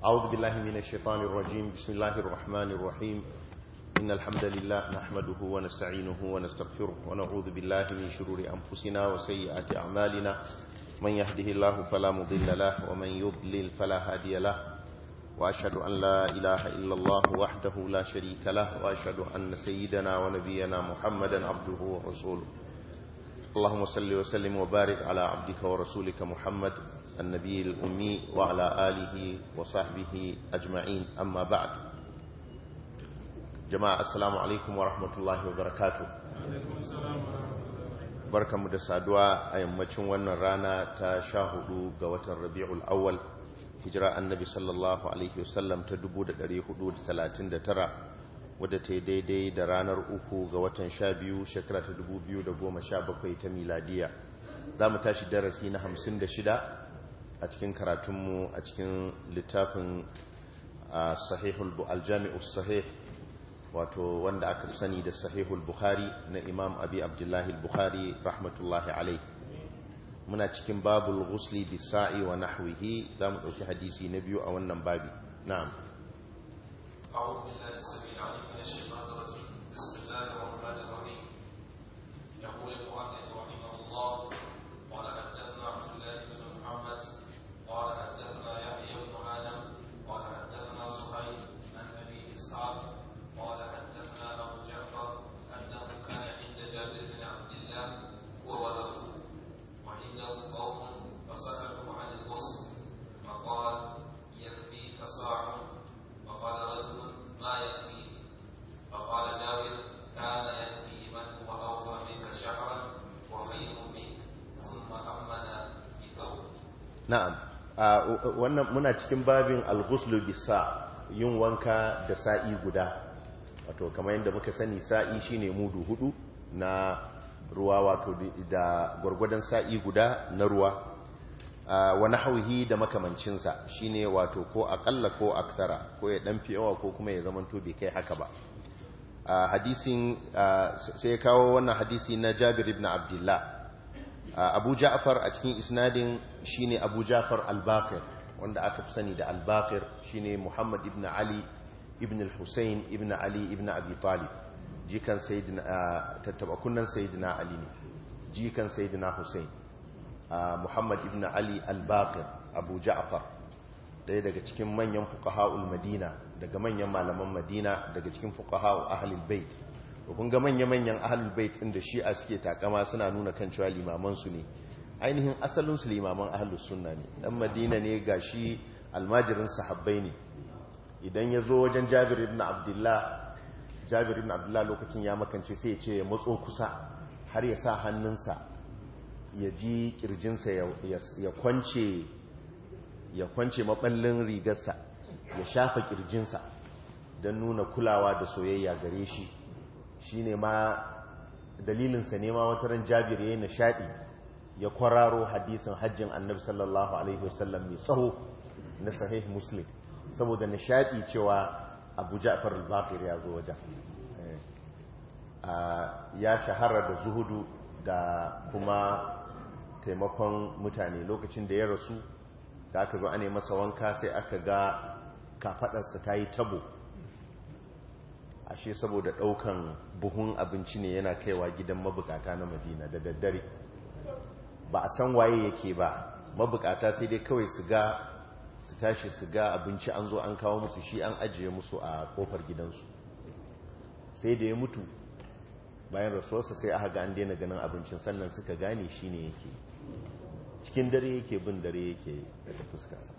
أعوذ بالله من الشيطان الرجيم بسم الله الرحمن الرحيم إن الحمد لله نحمده ونستعينه ونستغفره ونعوذ بالله من شرور أنفسنا وسيئات أعمالنا من يهده الله فلا مضل له ومن يضلل فلا هادي له وأشهد أن لا إله إلا الله وحده لا شريك له وأشهد أن سيدنا ونبينا محمدا عبده ورسوله اللهم صل وسلم وبارك على عبدك ورسولك محمد النبي الأمي وعلى آله وصحبه أجمعين أما بعد جماعة السلام عليكم ورحمة الله وبركاته barka mu da saduwa a yammacin wannan rana ta sha hudu ga watan rabi'ul awwal hijira annabi sallallahu alaihi wasallam ta 439 wadda ta yi daidai da ranar uku ga watan sha biyu shekara ta da goma sha bakwai ta miladiya za mu tashi darasi na hamsin da shida? a cikin karatunmu a cikin littafin sahihul aljami'ul sahih wato wanda aka sani da sahihul bukhari na imam abi abdullahi bukhari rahmatullahi alai muna cikin babul ghusli bisa'i wa nahwihi za mu ɗauki hadisi na biyu a wannan babi na'am na'am wannan muna cikin babin alghuslu bisa yin wanka da sa'i guda wato kamar yadda muka sani sa'i shine mudu hudu na ruwa wato da gwargwadon sa'i guda na ruwa wa hauhi da makamancinsa shine wato ko akalla ko aktara ko ya dan fiyawa ko kuma ya zamanto bai kai haka ba hadisin sai kawo wannan hadisi na Jabir ibn Abdullah Uh, abu ja'far a cikin isnadin shine abu ja'far al-baqir wanda aka fi sani da al-baqir shine muhammad ibn ali ibn al-husayn ibn ali ibn abi talib jikan sayyidina uh, tattaba kunnan sayyidina ali ne jikan sayyidina husayn uh, muhammad ibn ali al-baqir abu ja'far daya daga cikin manyan fuqaha'ul madina daga manyan malaman madina daga cikin fuqaha'u ahlul bait da kun ga manya-manyan ahalul bait din da shi'a suke takama suna nuna kan cewa limaman su ne ainihin asalin su limaman ahalus sunna ne dan madina ne ga shi almajirin sahabbai ne idan yazo wajen jabir ibn abdullah jabir ibn abdullah lokacin ya makance sai ya ce ya matso kusa har ya sa hannunsa ya ji kirjinsa ya kwance ya kwance maballin rigarsa ya shafa kirjinsa don nuna kulawa da soyayya gare shi Shi ne ma dalilinsa ne ma wata ran jabir yi nishadi ya kwararo hadisin hajjin annabi sallallahu alaihi wasallam mai tsaho na sahih muslim saboda nishadi cewa abu ja'far al-baqir ya zo wajen eh, ya shahara da zuhudu da kuma taimakon mutane lokacin da ya rasu da aka zo ane masa wanka sai aka ga kafaɗarsa ta yi tabo ashe saboda daukan buhun abinci ne yana kaiwa gidan mabukata na madina da daddare ba a san waye yake ba mabukata sai dai kawai su ga su tashi su ga abinci an zo an kawo musu shi an ajiye musu a kofar gidansu sai da ya mutu bayan rasuwarsa sai aka ga an daina ganin abincin sannan suka gane shi ne yake cikin dare yake bin dare yake daga fuskarsa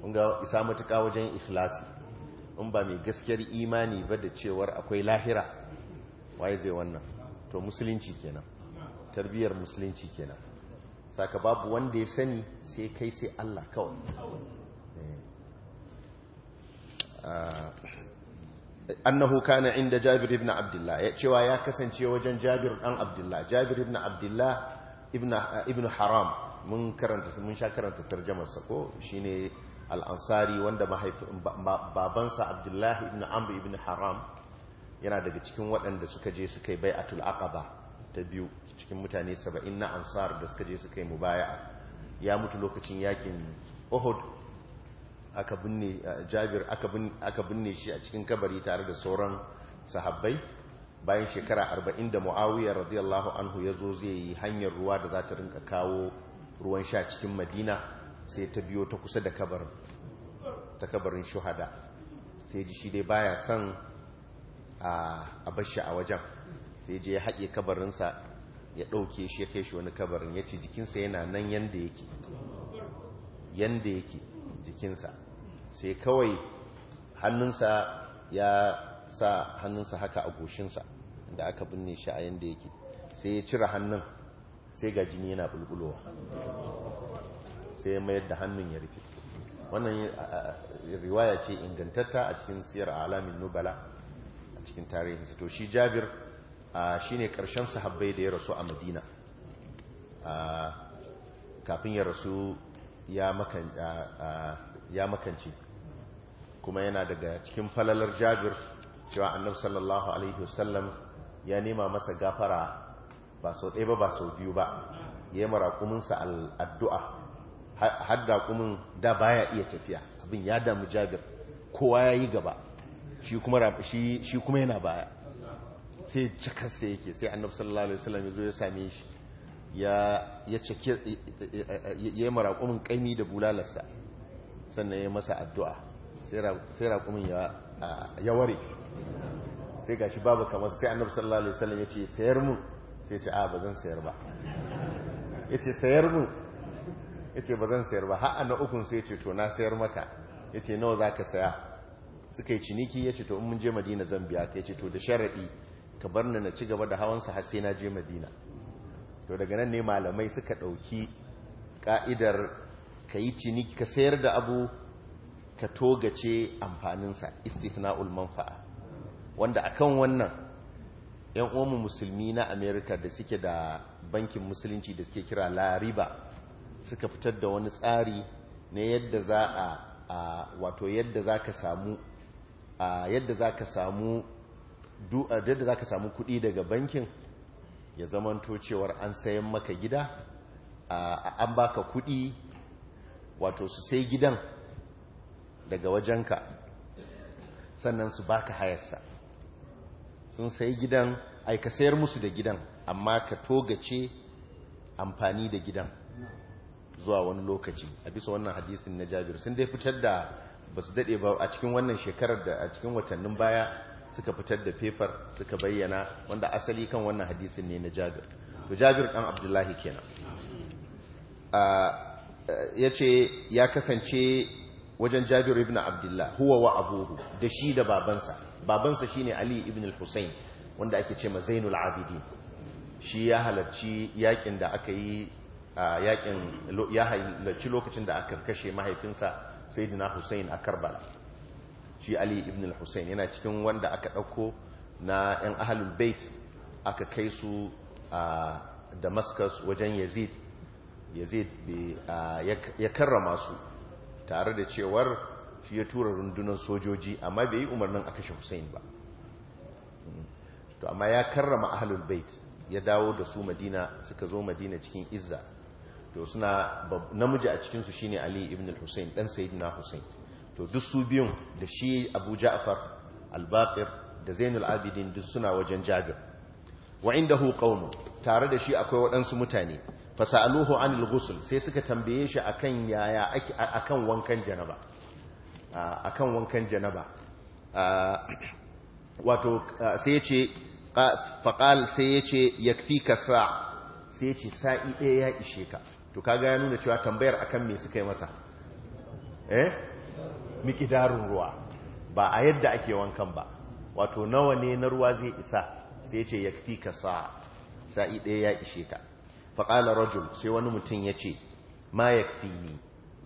kun ga isa matuƙa wajen ikhlasi in ba mai gaskiyar imani ba da cewar akwai lahira waye zai wannan to musulunci kenan tarbiyar musulunci kenan saka babu wanda ya sani sai kai sai Allah kawai eh. ah, annahu kana inda Jabir ibn Abdullah ya cewa ya kasance wajen Jabir dan Abdullah Jabir ibn Abdullah ibn ibn Haram mun karanta mun sha karanta tarjumar sa ko shine al'ansari wanda babansa abdullahi ibn amr ibn haram yana daga cikin waɗanda suka je suka yi bai a aqaba ta biyu cikin mutane saba'in na ansar da suka je suka yi baya. ya mutu lokacin yakin Ohud aka binne jabir aka binne shi a cikin kabari tare da sauran sahabbai bayan shekara arba'in da mu'awiyar radiyallahu anhu ya zo zai yi hanyar ruwa da za ta rinka kawo ruwan sha cikin madina sai ta biyo ta kusa da kabarin ta kabarin shuhada sai ji shi dai baya son a bashi a wajen sai je ya haƙe kabarinsa ya ɗauke shi ya kai shi wani kabarin ya ce jikinsa yana nan yanda yake yanda yake jikinsa sai kawai hannunsa ya sa hannunsa haka a goshinsa da aka binne shi a yanda yake sai ya cire hannun sai ga jini yana bulbulowa sai ya mayar da hannun ya rufe wannan riwaya ce ingantatta a cikin siyar alamin nubala a cikin tarihin to shi jabir shine karshen sahabbai da ya rasu a madina kafin ya rasu ya makanci kuma yana daga cikin falalar jabir cewa annab sallallahu alaihi wasallam ya nema masa gafara ba sau ɗaya ba ba sau biyu ba ya yi marakuminsa addu'a Hadda kuma da baya iya tafiya abin ya damu jabir kowa ya yi gaba shi kuma yana baya sai cikarsa yake sai annabu sallallahu alaihi wasallam ya zo ya same shi ya ya ya yi maraƙumin ƙaimi da bulalarsa sannan ya masa addu'a sai raƙumin ya ware sai ga shi babu kamar sai annabu sallallahu alaihi wasallam ya ce sayar mun sai ce a ba zan sayar ba ya ce sayar mun ya ce ba zan sayar ba ha'a na ukun sai ya ce to na sayar maka ya ce nawa za ka saya suka yi ciniki ya ce to mun je madina zan biya ka ya ce to da sharaɗi ka bar na ci gaba da hawansa har sai na je madina to daga nan ne malamai suka ɗauki ka'idar ka yi ciniki ka sayar da abu ka togace amfaninsa istifna'ul manfa'a wanda akan wannan yan uwanmu musulmi na america da suke da bankin musulunci da suke kira lariba suka fitar da wani tsari na yadda za a wato yadda za ka samu yadda za ka samu yadda za ka samu kuɗi daga bankin ya zamanto cewar an sayan maka gida an baka kuɗi wato su sai gidan daga wajenka sannan su baka hayarsa sun sai gidan aika sayar musu da gidan amma ka togace amfani da gidan zuwa wani lokaci a bisa wannan hadisin na jabir sun dai fitar da ba su daɗe ba a cikin wannan shekarar da a cikin watannin baya suka fitar da fefar suka bayyana wanda asali kan wannan hadisin ne na jabir to jabir ɗan abdullahi kenan ya ce ya kasance wajen jabir ibn abdullah huwa wa abubu da shi da babansa babansa shine ali ibn al-husayn wanda ake ce ma zainul abidin shi ya halarci yakin da aka yi yakin ya halarci lokacin da aka kashe mahaifinsa dina Hussein a karbar. shi Ali ibn al-Hussein yana cikin wanda aka ɗauko na yan ahlul bait aka kai su a Damascus wajen Yazid Yazid ya karrama su tare da cewar shi ya tura rundunar sojoji amma bai yi umarnin a kashe Hussein ba mm. to amma ya karrama ahlul bait ya dawo da su Madina suka zo Madina cikin izza to suna namiji a cikinsu shine ali ibn al-hussein dan sayyidina hussein to duk su biyun da shi abu ja'far al-baqir da zainul abidin duk suna wajen jabir wa indahu qaumun tare da shi akwai waɗansu mutane fasaluhu anil ghusl sai suka tambaye shi akan yaya akan wankan janaba akan wankan janaba wato sai ya faƙal sai yace ce fi ka sa sai yace sa'i ɗaya ya ishe ka to kaga ya nuna cewa tambayar akan me suka yi masa eh mikidarun ruwa ba a yadda ake wankan ba wato nawa ne na ruwa zai isa sai ce yakfi ka sa'i ɗaya ya ishe ka faƙala rajul sai wani mutum ya ce ma fi ni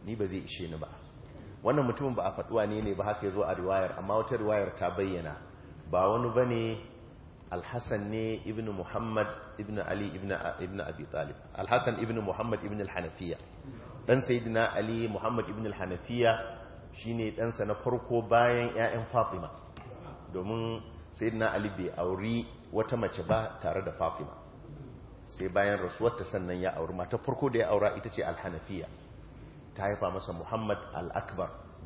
ni ba zai ishe ni ba wannan mutumin ba a faɗuwa ne ne ba haka ya zo a riwayar amma wata riwayar ta bayyana ba wani ba ne alhassan ne ibn muhammad ibn ali ibn abi talib alhassan ibn muhammad ibn alhanafiya dan sayyidina ali muhammad ibn alhanafiya shine ɗansa na farko bayan 'ya'yan fatima domin sayyidina ali bai auri wata mace ba tare da fatima sai bayan rasuwarta sannan ya auri mata farko da ya aura ita ce alhanafiya ta haifa masa muhammad al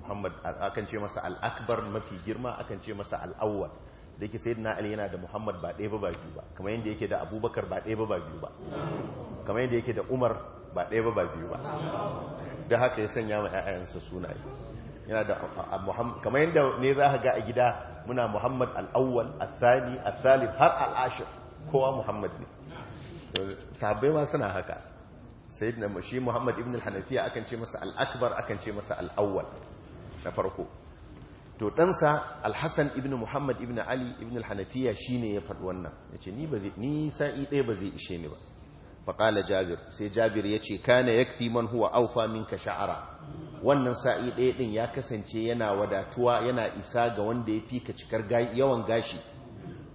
muhammad akan ce masa al-akbar mafi girma akan ce masa al-awwal da yake sayyidina ali yana da muhammad ba ɗaya ba ba biyu ba kamar yadda yake da abubakar ba ɗaya ba ba biyu ba kamar yadda yake da umar ba ɗaya ba ba biyu ba da haka ya sanya ma 'ya'yansa sunaye yana da muhammad kamar yadda ne za ka ga a gida muna muhammad al'awwal al-thani al-thalith har al-ashir kowa muhammad ne sahabbai ma suna haka sayyidina shi muhammad ibn al-hanafiya akan ce masa al-akbar akan ce masa al-awwal na farko to ɗansa alhassan ibn muhammad ibn ali ibn alhanafiya shi ne ya faɗi wannan ya ce ni sa'i ɗaya ba zai ishe ni ba faƙala jabir sai jabir ya ce kana ya fi man huwa aufa minka sha'ara wannan sa'i ɗaya ɗin ya kasance yana wadatuwa yana isa ga wanda ya fi ka cikar yawan gashi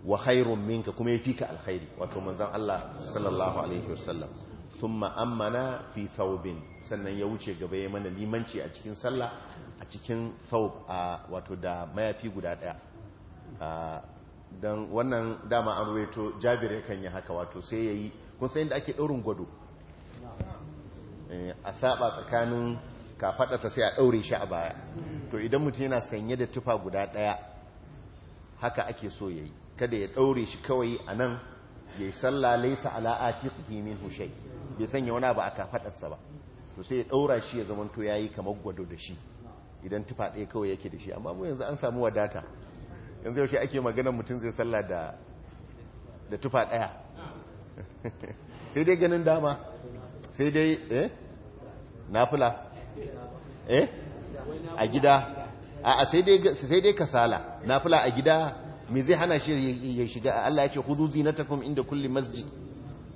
wa khairun minka kuma ya fi ka alkhairi wato manzan Allah sallallahu alaihi wasallam sun ma'ammana fi thawbin sannan ya wuce gaba ya mana limanci a cikin sallah cikin saub a wato da mayafi guda daya don wannan dama an to jabir yakan yi haka wato sai ya yi kun sayin da ake ɗaurin gwado eh, a saba tsakanin kafaɗarsa sai a ɗaure shi a baya to idan mutum yana sanye da tufa guda daya haka ake so ya yi kada ya ɗaure shi kawai a nan ya yi sallah laisa ala'ati su min hushai bai sanya wana ba a kafaɗarsa ba to sai ya ɗaura shi ya zamanto ya yi kamar gwado da shi idan tufa ɗaya kawai yake da shi amma mu yanzu an samu wadata yanzu yaushe ake maganar mutum zai salla da tufa ɗaya sai dai ganin dama sai dai eh fula eh a gida a sai dai kasala na kasala a gida me zai hana shi ya shiga Allah ya ce khudhu kuma inda kulli masjid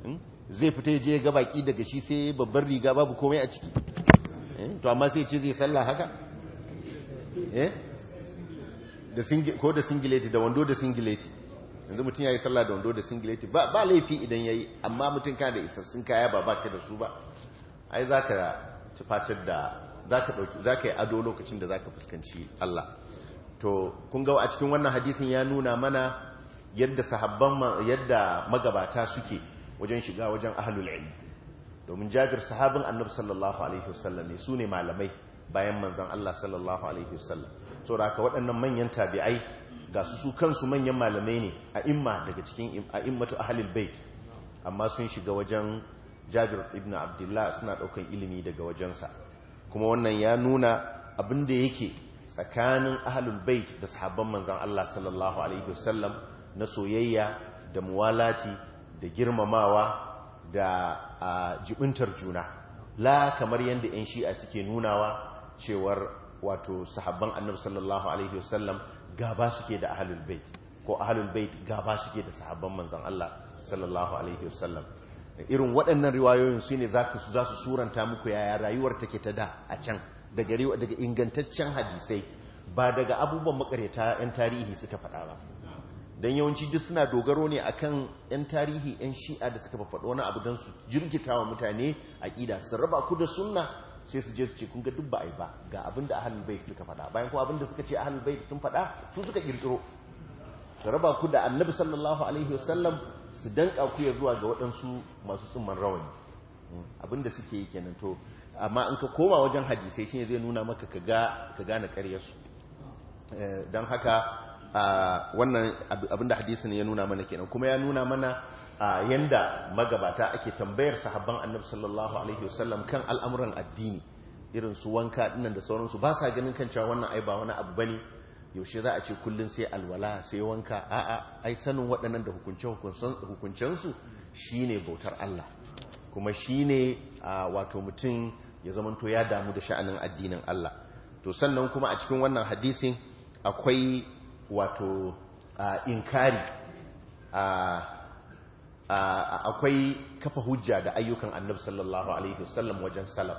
hmm? zai fita ya je ga baki daga shi sai babbar riga babu komai a ciki eh? to amma sai ce zai sallah haka Eh? ko da singileti da wando da singileti yanzu mutum ya yi sallah da wando da singileti ba laifi idan ya yi amma mutum ka da isassun kaya ba baka da su ba ai za ka tufatar da za ka ɗauki za ka yi ado lokacin da za ka fuskanci Allah to kun ga a cikin wannan hadisin ya nuna mana yadda sahabban yadda magabata suke wajen shiga wajen ahlul ilm domin jabir sahabin annabi sallallahu alaihi wasallam ne su ne malamai bayan manzan Allah sallallahu alaihi wasallam da aka waɗannan manyan tabi'ai ga su su kansu manyan malamai ne a imma daga cikin a immatu ahlul bait amma sun shiga wajen Jabir ibn Abdullah suna ɗaukan ilimi daga wajensa kuma wannan ya nuna abin da yake tsakanin ahlul bait da sahabban manzan Allah sallallahu alaihi wasallam na soyayya da muwalati da girmamawa da jibintar juna la kamar yadda 'yan shi'a suke nunawa cewar wato sahabban annabi sallallahu alaihi wasallam gaba suke da ahlul bait ko ahlul bait gaba suke da sahabban manzon Allah sallallahu alaihi wasallam irin waɗannan riwayoyin su ne za su suranta muku yaya rayuwar take ta da a can daga daga ingantaccen hadisai ba daga abubuwan makaryata yan tarihi suka faɗa ba don yawanci duk suna dogaro ne akan yan tarihi yan shi'a da suka faɗo wani abu don su jirgita wa mutane aƙida su raba ku da sunna sai su je su ce kun ga duk ba ba ga abin da ahlul bait suka faɗa bayan kuma abin da suka ce ahlul bait sun faɗa su suka kirkiro su raba ku da annabi sallallahu alaihi wasallam su danka ku ya zuwa ga waɗansu masu tsumman rawani abin da suke yi kenan to amma in ka koma wajen hadisai shine zai nuna maka ka gane karyarsu su eh, dan haka ah, wannan abin da hadisin ya nuna mana kenan kuma ya nuna mana a yanda magabata ake tambayar sahabban annabi sallallahu alaihi wasallam kan al'amuran addini irin su wanka dinnan da sauransu ba sa ganin kan cewa wannan ai ba wani abu bane yaushe za a ce kullun sai alwala sai wanka a'a ai sanin waɗannan da hukunce hukuncen su shine bautar Allah kuma shine wato mutum ya zamanto ya damu da sha'anin addinin Allah to sannan kuma a cikin wannan hadisin akwai wato inkari a akwai kafa hujja da ayyukan annabi sallallahu alaihi wasallam wajen salaf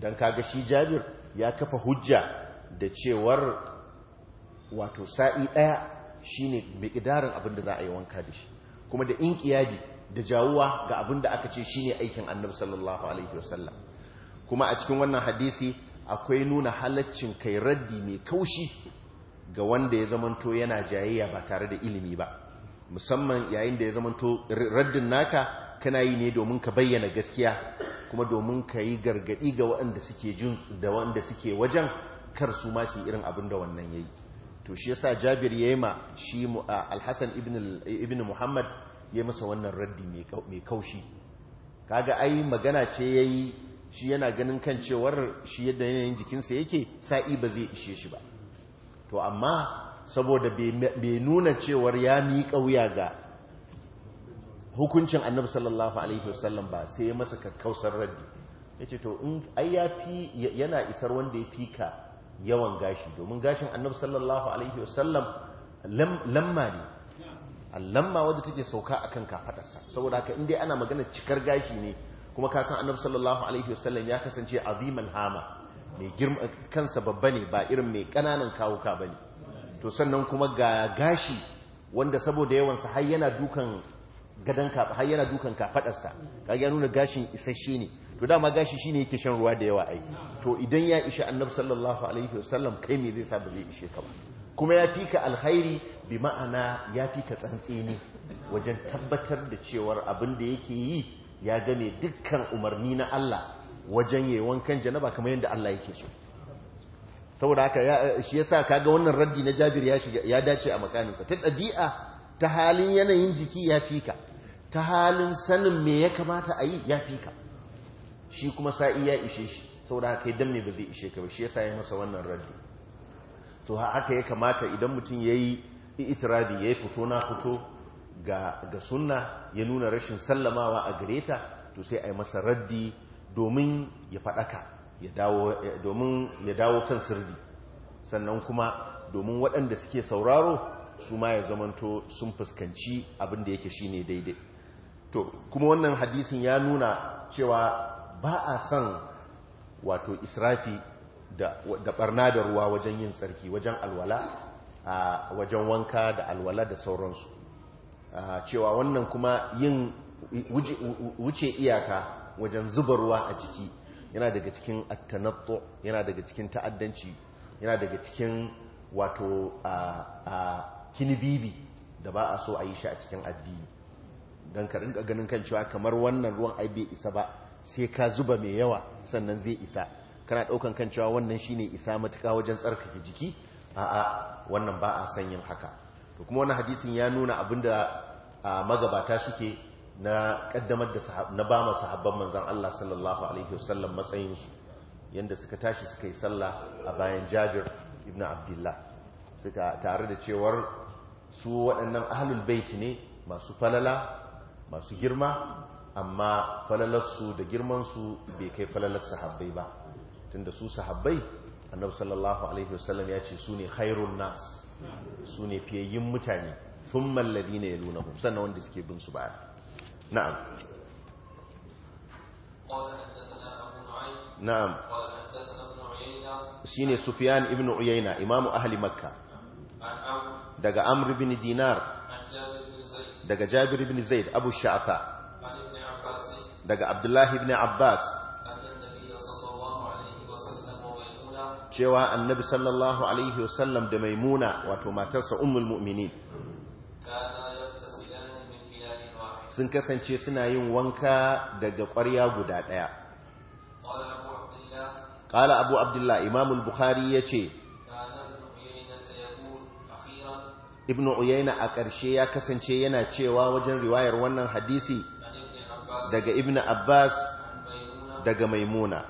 dan kaga shi jabir ya kafa hujja da cewar wato sa'i ɗaya shi ne miƙidarin abin za a yi wanka da shi kuma da in ƙiyadi da jawuwa ga abin aka ce shine aikin annabi sallallahu alaihi wasallam kuma a cikin wannan hadisi akwai nuna halaccin kai raddi mai kaushi ga wanda ya zamanto yana jayayya ba tare da ilimi ba musamman yayin da ya zamanto raddin naka kana yi ne domin ka bayyana gaskiya kuma domin ka yi gargadi ga waɗanda suke jin da waɗanda suke wajen kar su ma su irin abin da wannan yayi to shi yasa Jabir yayi ma shi Al-Hasan ibn ibn Muhammad yayi masa wannan raddi mai kaushi kaga ai magana ce yayi shi yana ganin kan cewar shi yadda yanayin jikinsa yake sa'i ba zai ishe shi ba to amma saboda bai nuna cewar ya miƙa wuya ga hukuncin annabi sallallahu alaihi wasallam ba sai ya masa kakkausar raddi ya ce to in ai ya fi yana isar wanda ya fi ka yawan gashi domin gashin annabi sallallahu alaihi wasallam lamma ne lamma wadda take sauka akan kafadarsa saboda haka in dai ana magana cikar gashi ne kuma kasan san annabi sallallahu alaihi wasallam ya kasance aziman hama mai girma kansa babba ne ba irin mai kananan kawuka bane to sannan kuma ga gashi wanda saboda yawansa har yana dukan gadan kafa har yana dukan kafadarsa kaga ya nuna gashin isasshe ne to dama gashi shine yake shan ruwa da yawa ai to idan ya ishi annabi sallallahu alaihi wasallam kai me zai sa ba zai ishe ka ba kuma ya fika alkhairi bi ma'ana ya fika ne wajen tabbatar da cewar abin da yake yi ya gane dukkan umarni na Allah wajen yayin wankan janaba kamar yadda Allah yake so saboda haka shi ya sa kaga wannan raddi na Jabir ya dace a makaninsa ta ɗabi'a ta halin yanayin jiki ya fika ta halin sanin me ya kamata a yi ya fika shi kuma sa'i ya ishe shi saboda haka idan ne ba zai ishe ka ba shi sa ya masa wannan raddi to haka ya kamata idan mutum ya yayi itiradi yayi fito na fito ga suna sunna ya nuna rashin sallamawa a gareta to sai a yi masa raddi domin ya faɗaka ya dawo eh, domin ya dawo kan sirri sannan kuma domin waɗanda suke sauraro su ma ya zamanto sun fuskanci abin da yake shine daidai to kuma wannan hadisin ya nuna cewa ba a son wato israfi da, ɓarna barna da ruwa wajen yin tsarki wajen alwala a wajen wanka da alwala da sauransu a cewa wannan kuma yin wuce iyaka wajen zuba ruwa a jiki yana daga cikin attanattu yana daga cikin ta'addanci yana daga cikin wato a kinibibi da ba a so a yi shi a cikin addini don ka rinka ganin kan cewa kamar wannan ruwan ai bai isa ba sai ka zuba mai yawa sannan zai isa kana daukan kan cewa wannan shine isa matuka wajen tsarkake jiki a'a wannan ba a san yin haka to kuma wannan hadisin ya nuna abinda magabata suke na kaddamar da na ba sahabar manzan Allah sallallahu alaihi wasallam matsayin su yanda suka tashi suka yi sallah a bayan Jabir ibn Abdullah suka tare da cewar su waɗannan ahlul baiti ne masu falala masu girma amma falalarsu da girmansu bai kai falalar sahabbai ba tunda su sahabbai annabi sallallahu alaihi wasallam ya ce su ne khairun nas su ne fiyayyin mutane sun mallabi ne ya nuna sannan wanda suke bin su baya نعم قال حدثنا أبو نعيم نعم قال حدثنا ابن عيينة شيني سفيان ابن عيينة إمام أهل مكة عن عمرو دقى عمرو بن دينار عن جابر بن زيد دقى جابر بن زيد أبو الشعثاء عن ابن عباس دقى عبد الله بن عباس أن النبي صلى الله عليه وسلم وميمونة cewa annabi sallallahu alaihi wasallam da maimuna wato matarsa ummul mu'minin sun kasance suna yin wanka daga ƙwarya guda ɗaya ƙala abu abdullah imamul bukhari ya ce ibn uyayna a ƙarshe ya kasance yana cewa wajen riwayar wannan hadisi daga ibn abbas daga maimuna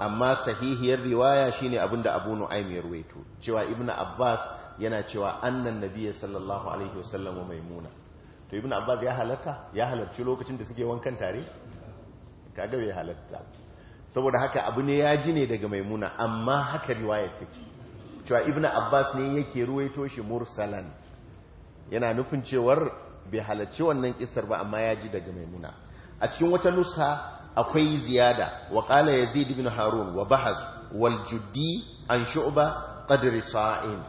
amma sahihiyar riwaya shine abinda abu nu'aym ya ruwaito cewa ibn abbas yana cewa annan nabiya sallallahu alaihi wasallam maimuna to ibn abbas ya halatta ya halarci lokacin da suke wankan tare kaga bai halatta saboda haka abu ne ya ji ne daga maimuna amma haka riwayar take cewa ibn abbas ne yake ruwaito shi mursalan yana nufin cewar bai halarci wannan kisar ba amma ya ji daga maimuna a cikin wata nusa akwai ziyada wa qala yazid ibn harun wa bahaz wal juddi an shu'ba qadri sa'in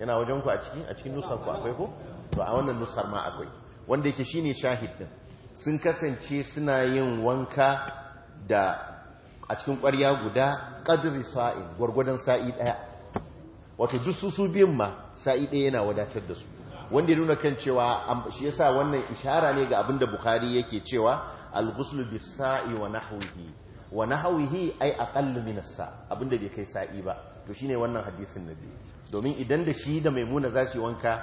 yana wajen ku a cikin a cikin ku akwai ko to a wannan nusar ma akwai wanda yake shine shahid din sun kasance suna yin wanka da a cikin ƙwarya guda qadri sa'in gwargwadon sa'i daya wato duk su su biyun ma sa'i daya yana wadatar da su wanda ya nuna kan cewa shi yasa wannan ishara ne ga abinda bukhari yake cewa al-ghusl bis-sa'i wa nahwihi wa nahwihi ai aqallu min as-sa' abinda bai kai sa'i ba to shine wannan hadisin nabi domin idan da shi da maimuna za su wanka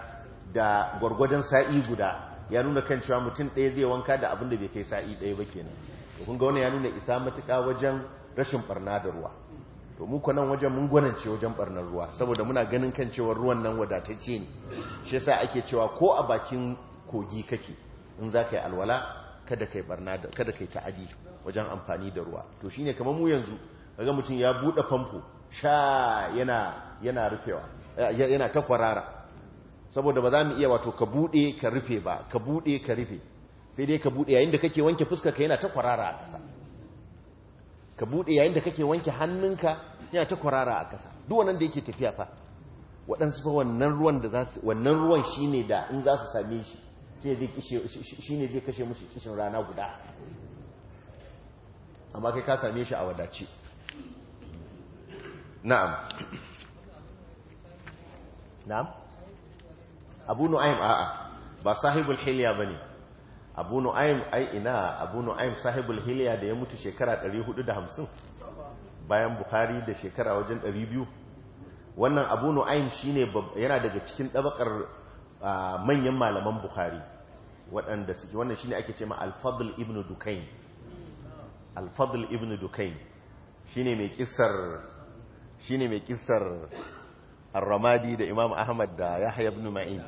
da gwargwadon sa'i guda ya nuna kan cewa mutum ɗaya zai wanka da abin da bai kai sa'i ɗaya ba kenan to kun ga wannan ya nuna isa matuƙa wajen rashin barna da ruwa to mu nan wajen mun gwanance wajen barnar ruwa saboda muna ganin kan cewa ruwan nan wadatacce ne shi yasa ake cewa ko a bakin kogi kake in za ka yi alwala kada kai barna kada kai ta'adi wajen amfani da ruwa to shine kamar mu yanzu kaga mutum ya buɗe famfo sha yana yana rufewa yana takwarara saboda ba za mu iya wato ka bude ka rufe ba ka bude ka rufe sai dai ka bude yayin da kake wanke fuska ka yana ta kwarara a ƙasa ka bude yayin da kake wanke hannunka yana ta kwarara a ƙasa duk wannan da yake tafiya fa waɗansu fa wannan ruwan da za su wannan ruwan shine da in za su same shi shine zai kashe musu kishin rana guda amma kai ka same shi a wadace na'am na'am abu nu'aym a'a ba sahibul hilya ne abu nu'aim ai ina abu nu'aim sahibul hilya da ya mutu shekara 450 bayan bukhari da shekara wajen 200 wannan abu shi ne yana daga cikin dabakar manyan malaman bukhari waɗanda suke wannan shi ne ake ce ma fadl ibn dukain al Ibn ibn shi ne mai shi ne mai kisar. الرمادي ده da imam ahmad da بن معين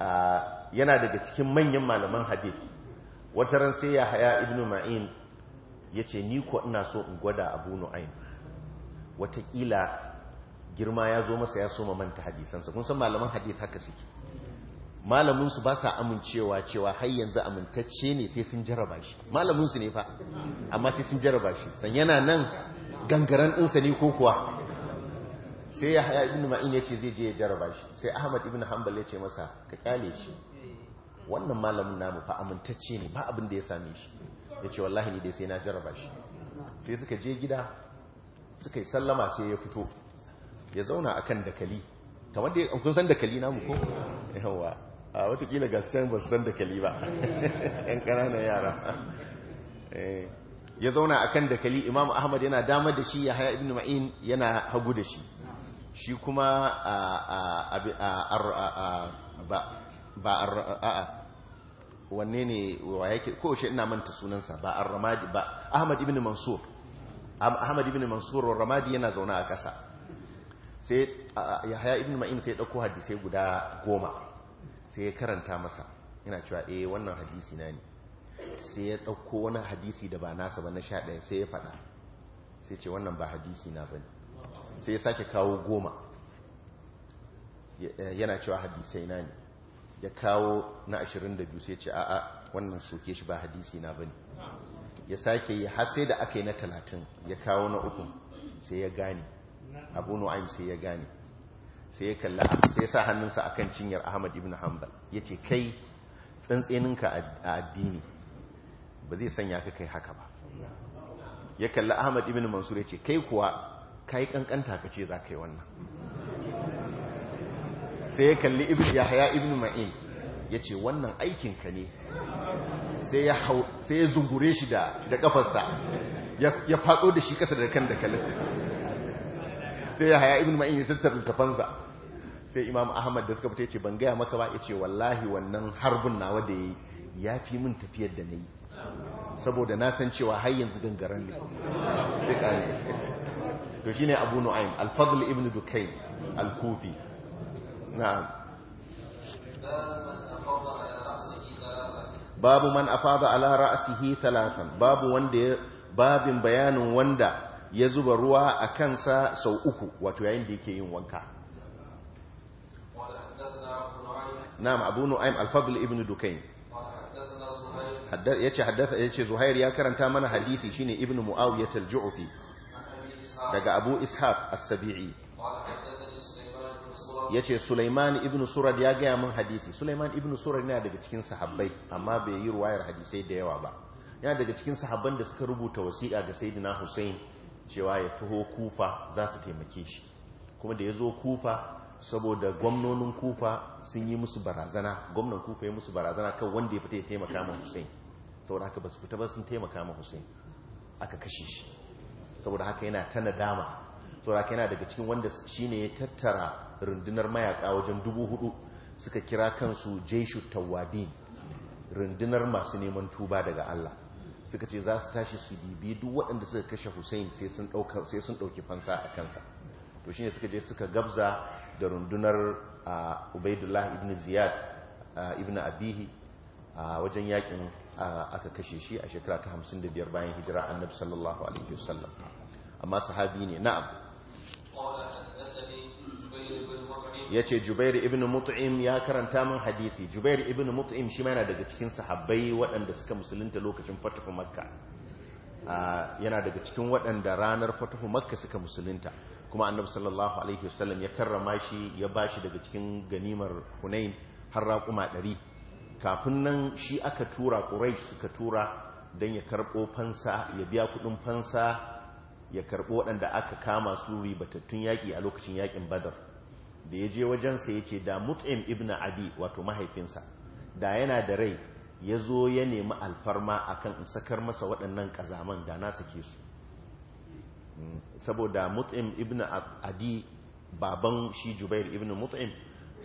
ا yana daga cikin manyan malaman hadith wata ran sai yahya ibn ma'in yace ni ko ina so in gwada abu nu'aym watakila girma ya zo masa ya soma manta hadisansa kun san malaman hadith haka suke malaminsu ba sa amincewa cewa har yanzu amintacce ne sai sun jaraba shi malaminsu ne fa amma sai sun jaraba shi san yana nan gangaren ɗinsa ne ko kuwa sai ya haya ibn ma'in ya ce zai je ya jaraba shi sai ahmad ibn hanbal ya ce masa ka kyale shi wannan malamin namu fa amintacce ne ba abin da ya same shi ya ce wallahi ni dai sai na jaraba shi sai suka je gida suka yi sallama sai ya fito ya zauna akan dakali kamar da kun san dakali namu ko yawa a watakila gasken ba su san dakali ba yan ƙananan yara eh. ya zauna a kan dakali imam ahmad yana damar da shi haya ibn ma'in yana hagu da shi shi kuma ba a'a wanne ne wa yake ko shi ina manta sunansa ba a ramadi ba ahmad ibn mansur ahmad ibn mansur wa ramadi yana zauna a ƙasa sai haya ibn ma'in sai dauko hadisi guda goma sai ya karanta masa ina cewa eh wannan hadisi na ne sai ya ɗauko wani hadisi da ba nasa ba na sha ɗaya sai ya faɗa sai ce wannan ba hadisi na ba sai ya sake kawo goma eh, yana cewa hadisai na ne ya kawo na ashirin da biyu sai ce a'a wannan soke shi ba hadisi na ba ne ya sake yi har sai da aka yi na talatin ya kawo na uku sai ya gane abu nu'aim sai ya gane sai ya kalla sai ya sa hannunsa akan cinyar ahmad ibn hanbal ya ce kai tsantseninka a addini ba zai sanya ka kai haka ba ya kalli ahmad ibn mansur ya ce kai kuwa ka yi kankanta ka ce za ka yi wannan sai ya kalli yahaya ibn ma'in ya ce wannan aikinka ne sai ya zungure shi da kafarsa ya faɗo da shi ƙasa da kan da kalin sai yahaya ibn ma'in ya tattar tafansa sai imam ahmad da suka fita ya ce ban gaya maka ba ya ce wallahi wannan harbin nawa da ya yi ya fi min tafiyar da na yi saboda na san cewa har yanzu gangaren ne duka ne to shine abu nu'aym al-fadl ibn dukayn al-kufi na'am babu man afada ala ra'sihi thalathan babu wanda babin bayanin wanda ya zuba ruwa a kansa sau uku wato yayin da yake yin wanka na'am abu nu'aym al-fadl ibn dukayn yace haddatha yace zuhair ya karanta mana hadisi shine ibnu muawiyah al-ju'fi daga abu ishaq as-sabi'i yace sulaiman ibnu surad ya gaya mun hadisi sulaiman ibnu surad yana daga cikin sahabbai amma bai yi ruwayar hadisai da yawa ba yana daga cikin sahabban da suka rubuta wasiqa ga sayyidina hussein cewa ya taho kufa za su taimake shi kuma da ya zo kufa saboda gwamnonin kufa sun yi musu barazana gwamnan kufa ya musu barazana kan wanda ya fita ya taimaka ma hussein saboda haka ba su fita ba sun taimaka ma Hussein aka kashe shi saboda haka yana ta nadama saboda haka yana daga cikin wanda shine ya tattara rundunar mayaka wajen dubu hudu suka kira kansu jeshu Tawadin rundunar masu neman tuba daga Allah suka ce za su tashi su bibi duk waɗanda suka kashe Hussein sai sun ɗauki fansa a kansa to shine suka je suka gabza da rundunar Ubaidullah ibn Ziyad ibn Abihi a wajen yakin aka kashe shi a shekara ta 55 bayan hijira annabi sallallahu alaihi wasallam amma sahabi ne na'am ya ce jubair ibn mut'im ya karanta min hadisi jubair ibn mut'im shi ma yana daga cikin sahabbai waɗanda suka musulunta lokacin fatuhu makka yana daga cikin waɗanda ranar fatuhu makka suka musulunta kuma annabi sallallahu alaihi wasallam ya karrama shi ya bashi daga cikin ganimar hunain har raƙuma ɗari kafin nan shi aka tura ƙuraish suka tura don ya karɓo fansa ya biya kuɗin fansa ya karɓo waɗanda aka kama su ribatattun yaƙi a lokacin yaƙin badar da ya je wajensa ya ce da mut'im ibn adi wato mahaifinsa da yana da rai ya zo ya nemi alfarma akan in sakar masa waɗannan ƙazaman da na ke su mm. saboda mut'im ibn adi baban shi jubair ibn mut'im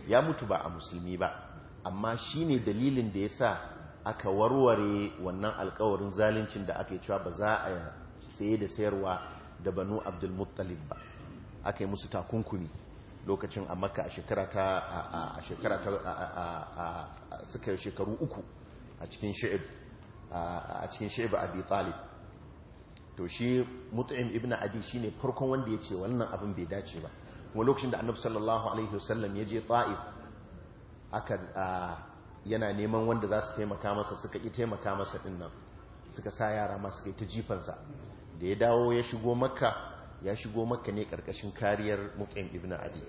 ya mutu ba a musulmi ba amma shi ne dalilin da ya sa aka warware wannan alkawarin zaluncin da aka yi cewa ba za a saye da sayarwa da banu abdul ba aka yi musu takunkumi lokacin a maka a shekara ta a shekara ta suka shekaru uku a cikin shi'ib a cikin talib to shi mutum ibn adi ne farkon wanda ya ce wannan abin bai dace ba kuma lokacin da annabi sallallahu alaihi wasallam ya je ta'if aka yana neman wanda za su taimaka masa suka ƙi taimaka masa ɗin nan suka sa yara masu kai ta jifansa da ya dawo ya shigo makka ya shigo makka ne ƙarƙashin kariyar mut'im ibn adi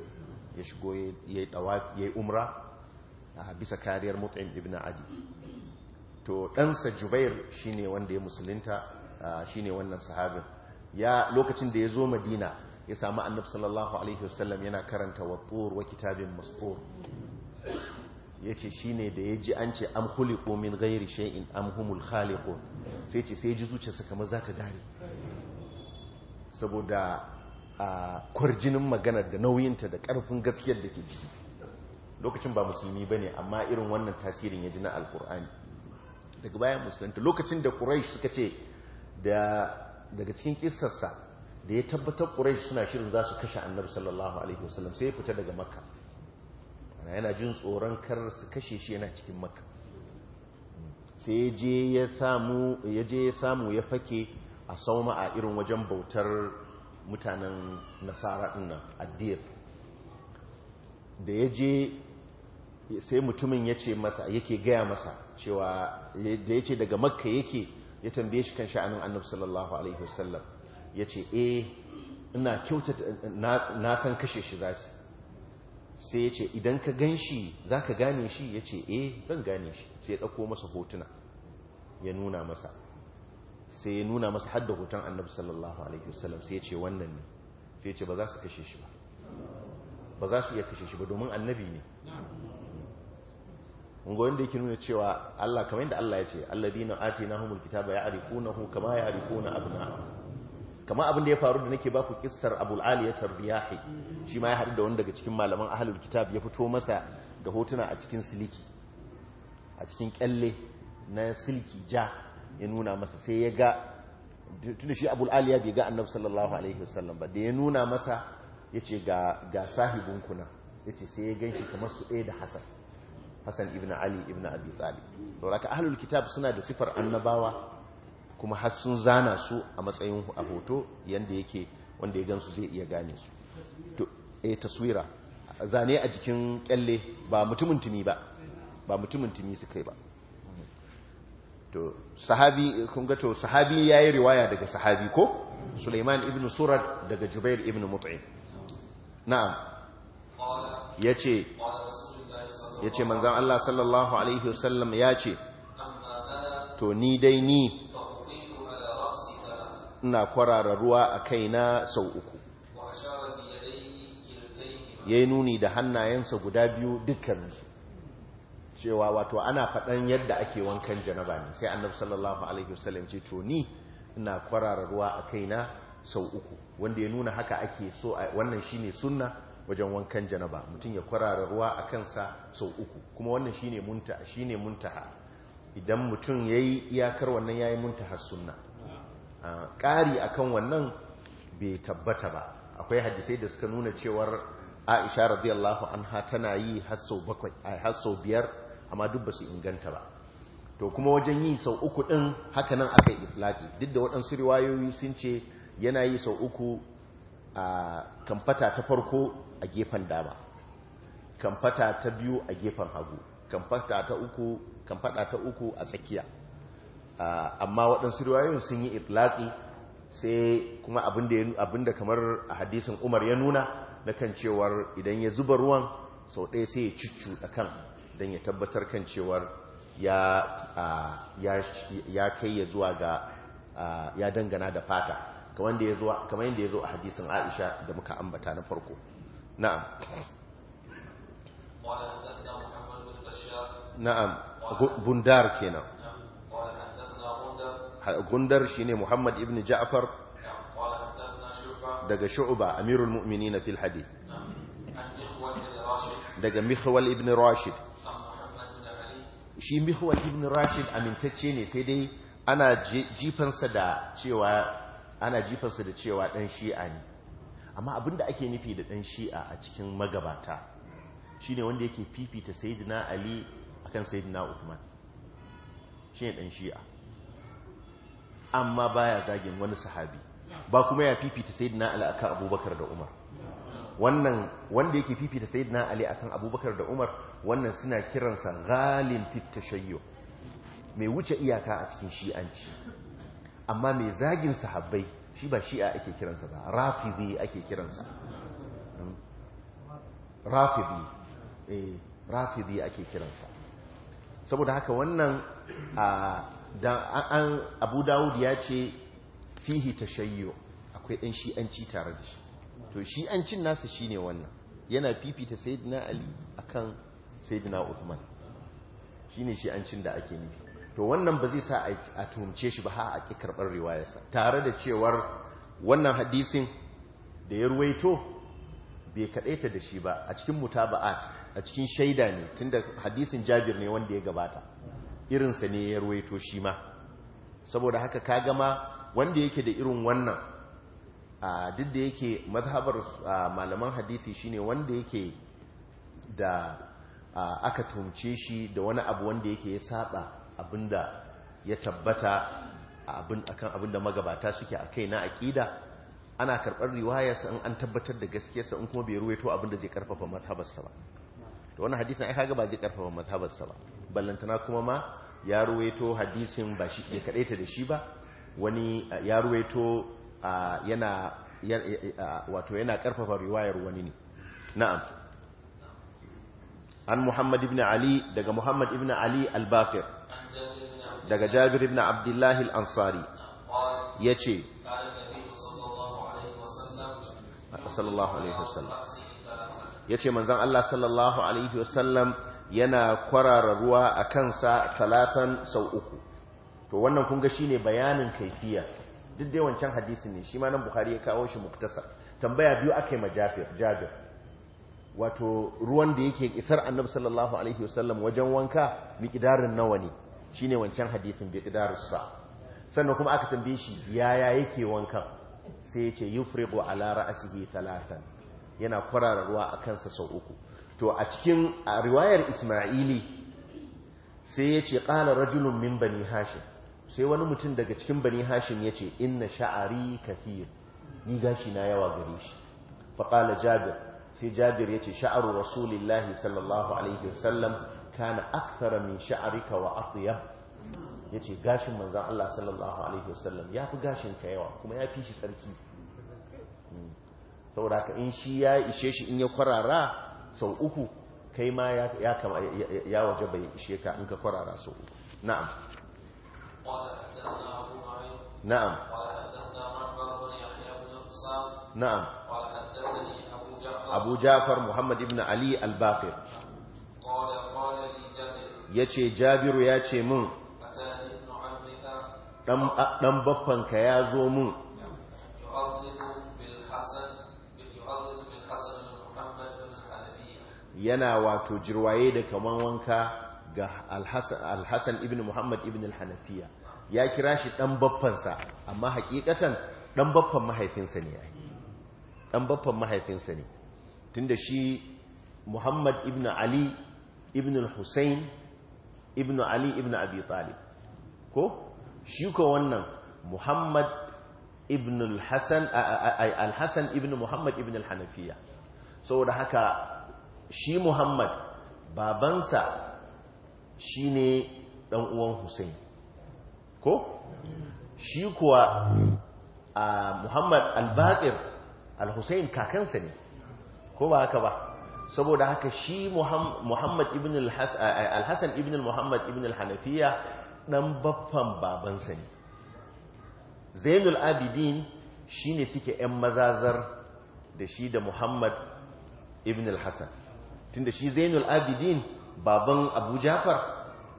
ya shigo ya yi umra a bisa kariyar mut'im ibn adi to ɗansa jubair shine wanda ya musulunta shine wannan sahabin ya lokacin da ya zo madina ya samu annabi sallallahu alaihi wasallam yana karanta wa kitabin mastur ya ce shi ne da ya ji an ce an huliko min gairi sha'in an humul khaliko sai ce sai ji zuciyarsa kamar za ta dare saboda a kwarjinin maganar da nauyinta da karfin gaskiyar da ke ciki lokacin ba musulmi ba ne amma irin wannan tasirin ya ji na alkur'ani daga bayan musulunta lokacin da quraish suka ce daga cikin kisarsa da ya tabbatar quraish suna shirin za su kashe annabi sallallahu alaihi wasallam sai ya fita daga makka na yana jin tsoron kar su kashe shi yana cikin makka sai ya je ya samu ya fake a sauma a irin wajen bautar mutanen nasara dinnan addir da ya je sai mutumin ya ce masa yake gaya masa cewa da ya ce daga makka yake ya tambaye shi kan sha'anin annabi sallallahu alaihi wasallam ya ce eh ina kyautata na san kashe shi za sai ya ce idan ka gan shi za ka gane shi ya ce eh zan gane shi sai ya ɗauko masa hotuna ya nuna masa sai ya nuna masa hadda hoton annabi sallallahu alaihi wasallam sai ya ce wannan ne sai ya ce ba za su kashe shi ba ba za su iya kashe shi ba domin annabi ne ungo wanda yake nuna cewa Allah kamar yadda Allah ya ce alladina atinahumul kitaba ya'rifunahu kama ya'rifuna abna'ahum kama abin da ya faru da nake baku kissar abul aliyatar riyahi shi ma ya haɗu da wani daga cikin malaman ahalul kitab ya fito masa da hotuna a cikin siliki a cikin kyalle na siliki ja ya nuna masa sai ya ga tun shi abul bai ga annabi sallallahu alaihi wasallam ba da ya nuna masa ya ce ga sahibin ya ce sai ya gan shi kamar su ɗaya da hasan hasan ibn ali ibn abi talib sauraka ahalul kitab suna da sifar annabawa kuma har sun zana su a matsayin a hoto yadda yake wanda ya gansu zai iya gane su eh taswira zane a jikin kyalle ba mutumin tumi ba ba mutumin tumi su kai ba to sahabi kun ga to sahabi yayi riwaya daga sahabi ko Sulaiman ibn Surad daga Jubair ibn Mut'im na'am yace yace manzon Allah sallallahu alaihi wasallam yace to ni dai ni ina kwarara ruwa a kaina sau uku ya yi nuni da hannayensa guda biyu dukkaninsu cewa wato ana faɗan yadda ake wankan janaba ne sai annabi sallallahu alaihi wasallam ce to ni ina kwarara ruwa a kaina sau uku wanda ya nuna haka ake so wannan shine sunna wajen wankan janaba mutum ya kwarara ruwa a kansa sau uku kuma wannan shine munta muntaha idan mutum yayi iyakar wannan yayi muntaha sunna ƙari akan wannan bai tabbata ba akwai hadisai da suka nuna cewar aisha radiyallahu anha tana yi har sau biyar amma duk ba su inganta ba to kuma wajen yi sau uku ɗin haka nan aka yi iflaki duk da waɗansu riwayoyi sun ce yana yi sau uku a kamfata ta farko a gefen dama kamfata ta biyu a gefen hagu kamfata ta uku a tsakiya Ah, amma waɗansu riwayoyin sun yi itlaki sai kuma abinda kamar a hadisun umar ya nuna na kan cewar idan ya zuba ruwan sau ɗaya sai ya a kan don ya tabbatar kan cewar ya ah, kai ya zuwa ga ah, ya dangana da fata kamar yadda ya zo a hadisun aisha da muka ambata na farko na'am na'am bundar kenan gundar ne Muhammad ibn Ja'far daga Shu'ba Amirul Mu'minin fil hadith daga Mihwal ibn Rashid shi Mihwal ibn Rashid amintacce ne sai dai ana jifansa da cewa ana jifansa da cewa dan Shi'a ne amma abinda ake nufi da ɗan Shi'a a cikin magabata shine wanda yake fifita Sayyidina Ali akan Sayyidina Uthman ne ɗan Shi'a amma baya zagin wani sahabi ba kuma ya fifita sayyidina ali akan abubakar da umar wannan wanda yake fifita sayyidina ali akan abubakar da umar wannan suna kiransa ghalin fita shayyo. mai wuce iyaka a cikin shi'anci amma mai zagin sahabbai shi ba shi'a ake kiransa ba rafidi ake kiransa rafidi eh, ake kiransa saboda haka wannan a dan an abu dawud ya ce fihi tashayyu akwai dan shi'anci tare da shi to shi'ancin nasa shine wannan yana fifita sayyidina ali akan sayyidina uthman shine shi'ancin da ake nufi to wannan ba zai sa a tuhumce shi ba ha a ƙi karɓar riwayarsa tare da cewar wannan hadisin da ya ruwaito bai kaɗaita da shi ba a cikin mutaba'at a cikin shaida ne tunda hadisin jabir ne wanda ya gabata irinsa ne ya ruwaito shi ma saboda haka ka gama wanda yake da irin wannan a duk da yake mazhabar malaman hadisi shine wanda yake da aka tumce shi da wani abu wanda yake ya saba abinda ya tabbata akan abinda magabata suke a kai na aƙida ana karɓar riwaya in an tabbatar da gaskiyarsa in kuma bai ruwaito abinda zai karfafa mazhabarsa ba to wannan hadisin ai zai karfafa mazhabarsa ba ballantana kuma ma ya ruwaito hadisin ba shi ya kadaita da shi ba wani eh, ya ruwaito ah, yana ah, wato yana karfafa riwayar wani ne na'am an Muhammad ibn Ali daga Muhammad ibn Ali al bakir daga Jabir ibn Abdullahi al-Ansari yace sallallahu alaihi wasallam yace Allah sallallahu alaihi wasallam yana kwarara ruwa a kansa talatan sau uku to wannan kunga shi ne bayanin kaifiya duk dai wancan hadisi ne shi ma nan buhari ya kawo shi muktasa tambaya biyu aka yi ma jabir wato ruwan da yake isar annabi sallallahu alaihi wasallam wajen wanka miqdarin nawa ne shine wancan hadisin miqdarus sa sannan kuma aka tambaye shi yaya yake wankan sai yace ce yufriqu ala ra'sihi talatan yana kwarara ruwa a kansa sau uku to a cikin riwayar ismaili sai ya ce ƙala rajulun min bani hashim sai wani mutum daga cikin bani hashim ya ce ina sha'ari kafir ni gashi na yawa gare shi faƙala jabir sai jabir ya ce sha'aru rasulillahi sallallahu alaihi wasallam kana aktara min sha'arika wa Ya ce gashin manzan Allah sallallahu alaihi wasallam fi gashin ka yawa kuma ya fi shi tsarki hmm. saboda ka in shi ya ishe shi in ya kwarara sau uku kai ma ya kama ya waje bai ishe ka in ka kwarara sau uku na'am na'am na'am abu jafar muhammad ibn ali al bafir ya ce jabiru ya ce min ɗan baffanka ya zo min yana wato jirwaye da kaman wanka ga alhassan ibn muhammad ibn alhanafiya ya kira shi ɗan baffansa amma hakikatan ɗan baffan mahaifinsa ne ɗan baffan mahaifinsa ne tunda shi muhammad ibn ali ibn Husayn, ibn ali ibn abi talib ko shi ko wannan muhammad ibn al-hassan ibn muhammad ibn al-hanafiya saboda haka shi muhammad babansa shi ne uwan hussein ko shi kuwa a muhammad al-baqir al-hussein kakansa ne ko ba haka ba saboda haka shi muhammad ibn al-hassan ibn muhammad ibn al-hanafiya dan baffan babansa ne zainul abidin shi ne suke 'yan mazazar da shi da muhammad ibn al-hassan tunda shi zainul abidin baban abu jafar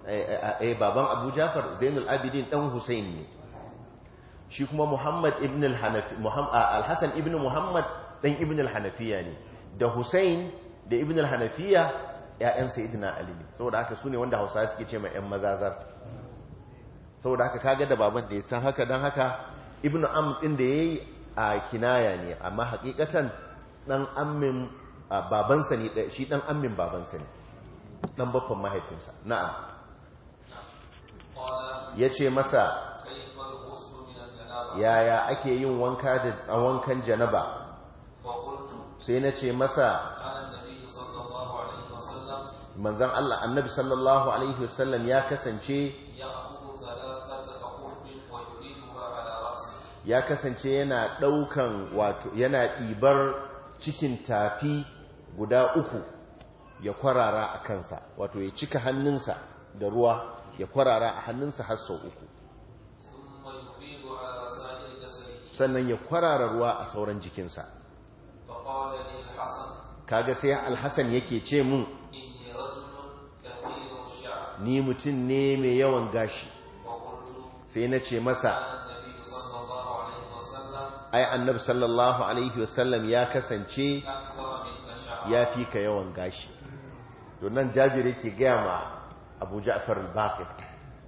eh, eh, eh, eh baban abu jafar zainul abidin dan husain ne shi kuma muhammad ibn al-hanafi ah, al-hasan ibn muhammad dan ibn al-hanafiya ne da husain da ibn al-hanafiya ya'yan sayyidina ali ne saboda haka sune wanda hausa suke ce ma ƴan mazazar saboda haka kaga da baban da ya san haka dan haka ibn amr din da yayi a kinaya ne amma hakikatan dan ammin babansa ne shi dan ammin babansa ne dan baffan mahaifinsa na'am yace masa yaya ake yin wanka da wankan janaba sai na ce masa manzan Allah annabi sallallahu alaihi wasallam ya kasance ya kasance yana daukan wato yana ɗibar cikin tafi guda uku ya kwarara a kansa wato ya cika hannunsa da ruwa ya kwarara a hannunsa har sau uku sannan ya kwarara ruwa a sauran jikinsa kaga sai alhassan yake ce mun ni mutum ne mai yawan gashi sai na ce masa ai annabi sallallahu alaihi wasallam ya kasance ya fi ka yawan gashi donan nan jabir yake gaya ma abu ja'far al-baqir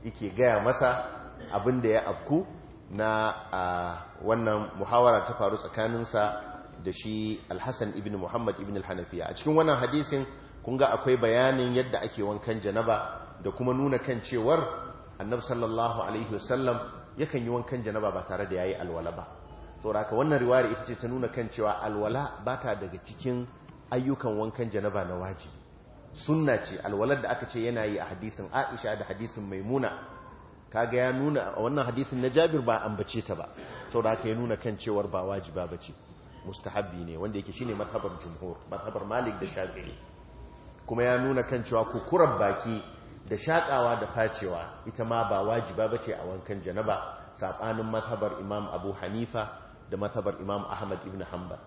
yake gaya masa abin da ya afku na wannan muhawara ta faru tsakaninsa da shi al-hasan ibn muhammad ibn al-hanafiya a cikin wannan hadisin kun ga akwai bayanin yadda ake wankan janaba da kuma nuna kan cewar annabi sallallahu alaihi wasallam yakan yi wankan janaba ba tare da yayi alwala ba saboda haka wannan riwaya ita ce ta nuna kan cewa alwala ba ta daga cikin ayyukan wankan janaba na wajibi sunna ce alwalar da aka ce yana yi a hadisin Aisha da hadisin Maimuna kaga ya nuna a wannan hadisin na Jabir ba ambace ta ba saboda haka ya nuna kan cewar ba wajiba bace mustahabbi ne wanda yake shine mazhabar jumhur mazhabar Malik da Shafi'i kuma ya nuna kan cewa kukurar baki da shakawa da facewa ita ma ba wajiba bace a wankan janaba saɓanin mazhabar Imam Abu Hanifa da mazhabar Imam Ahmad ibn Hanbal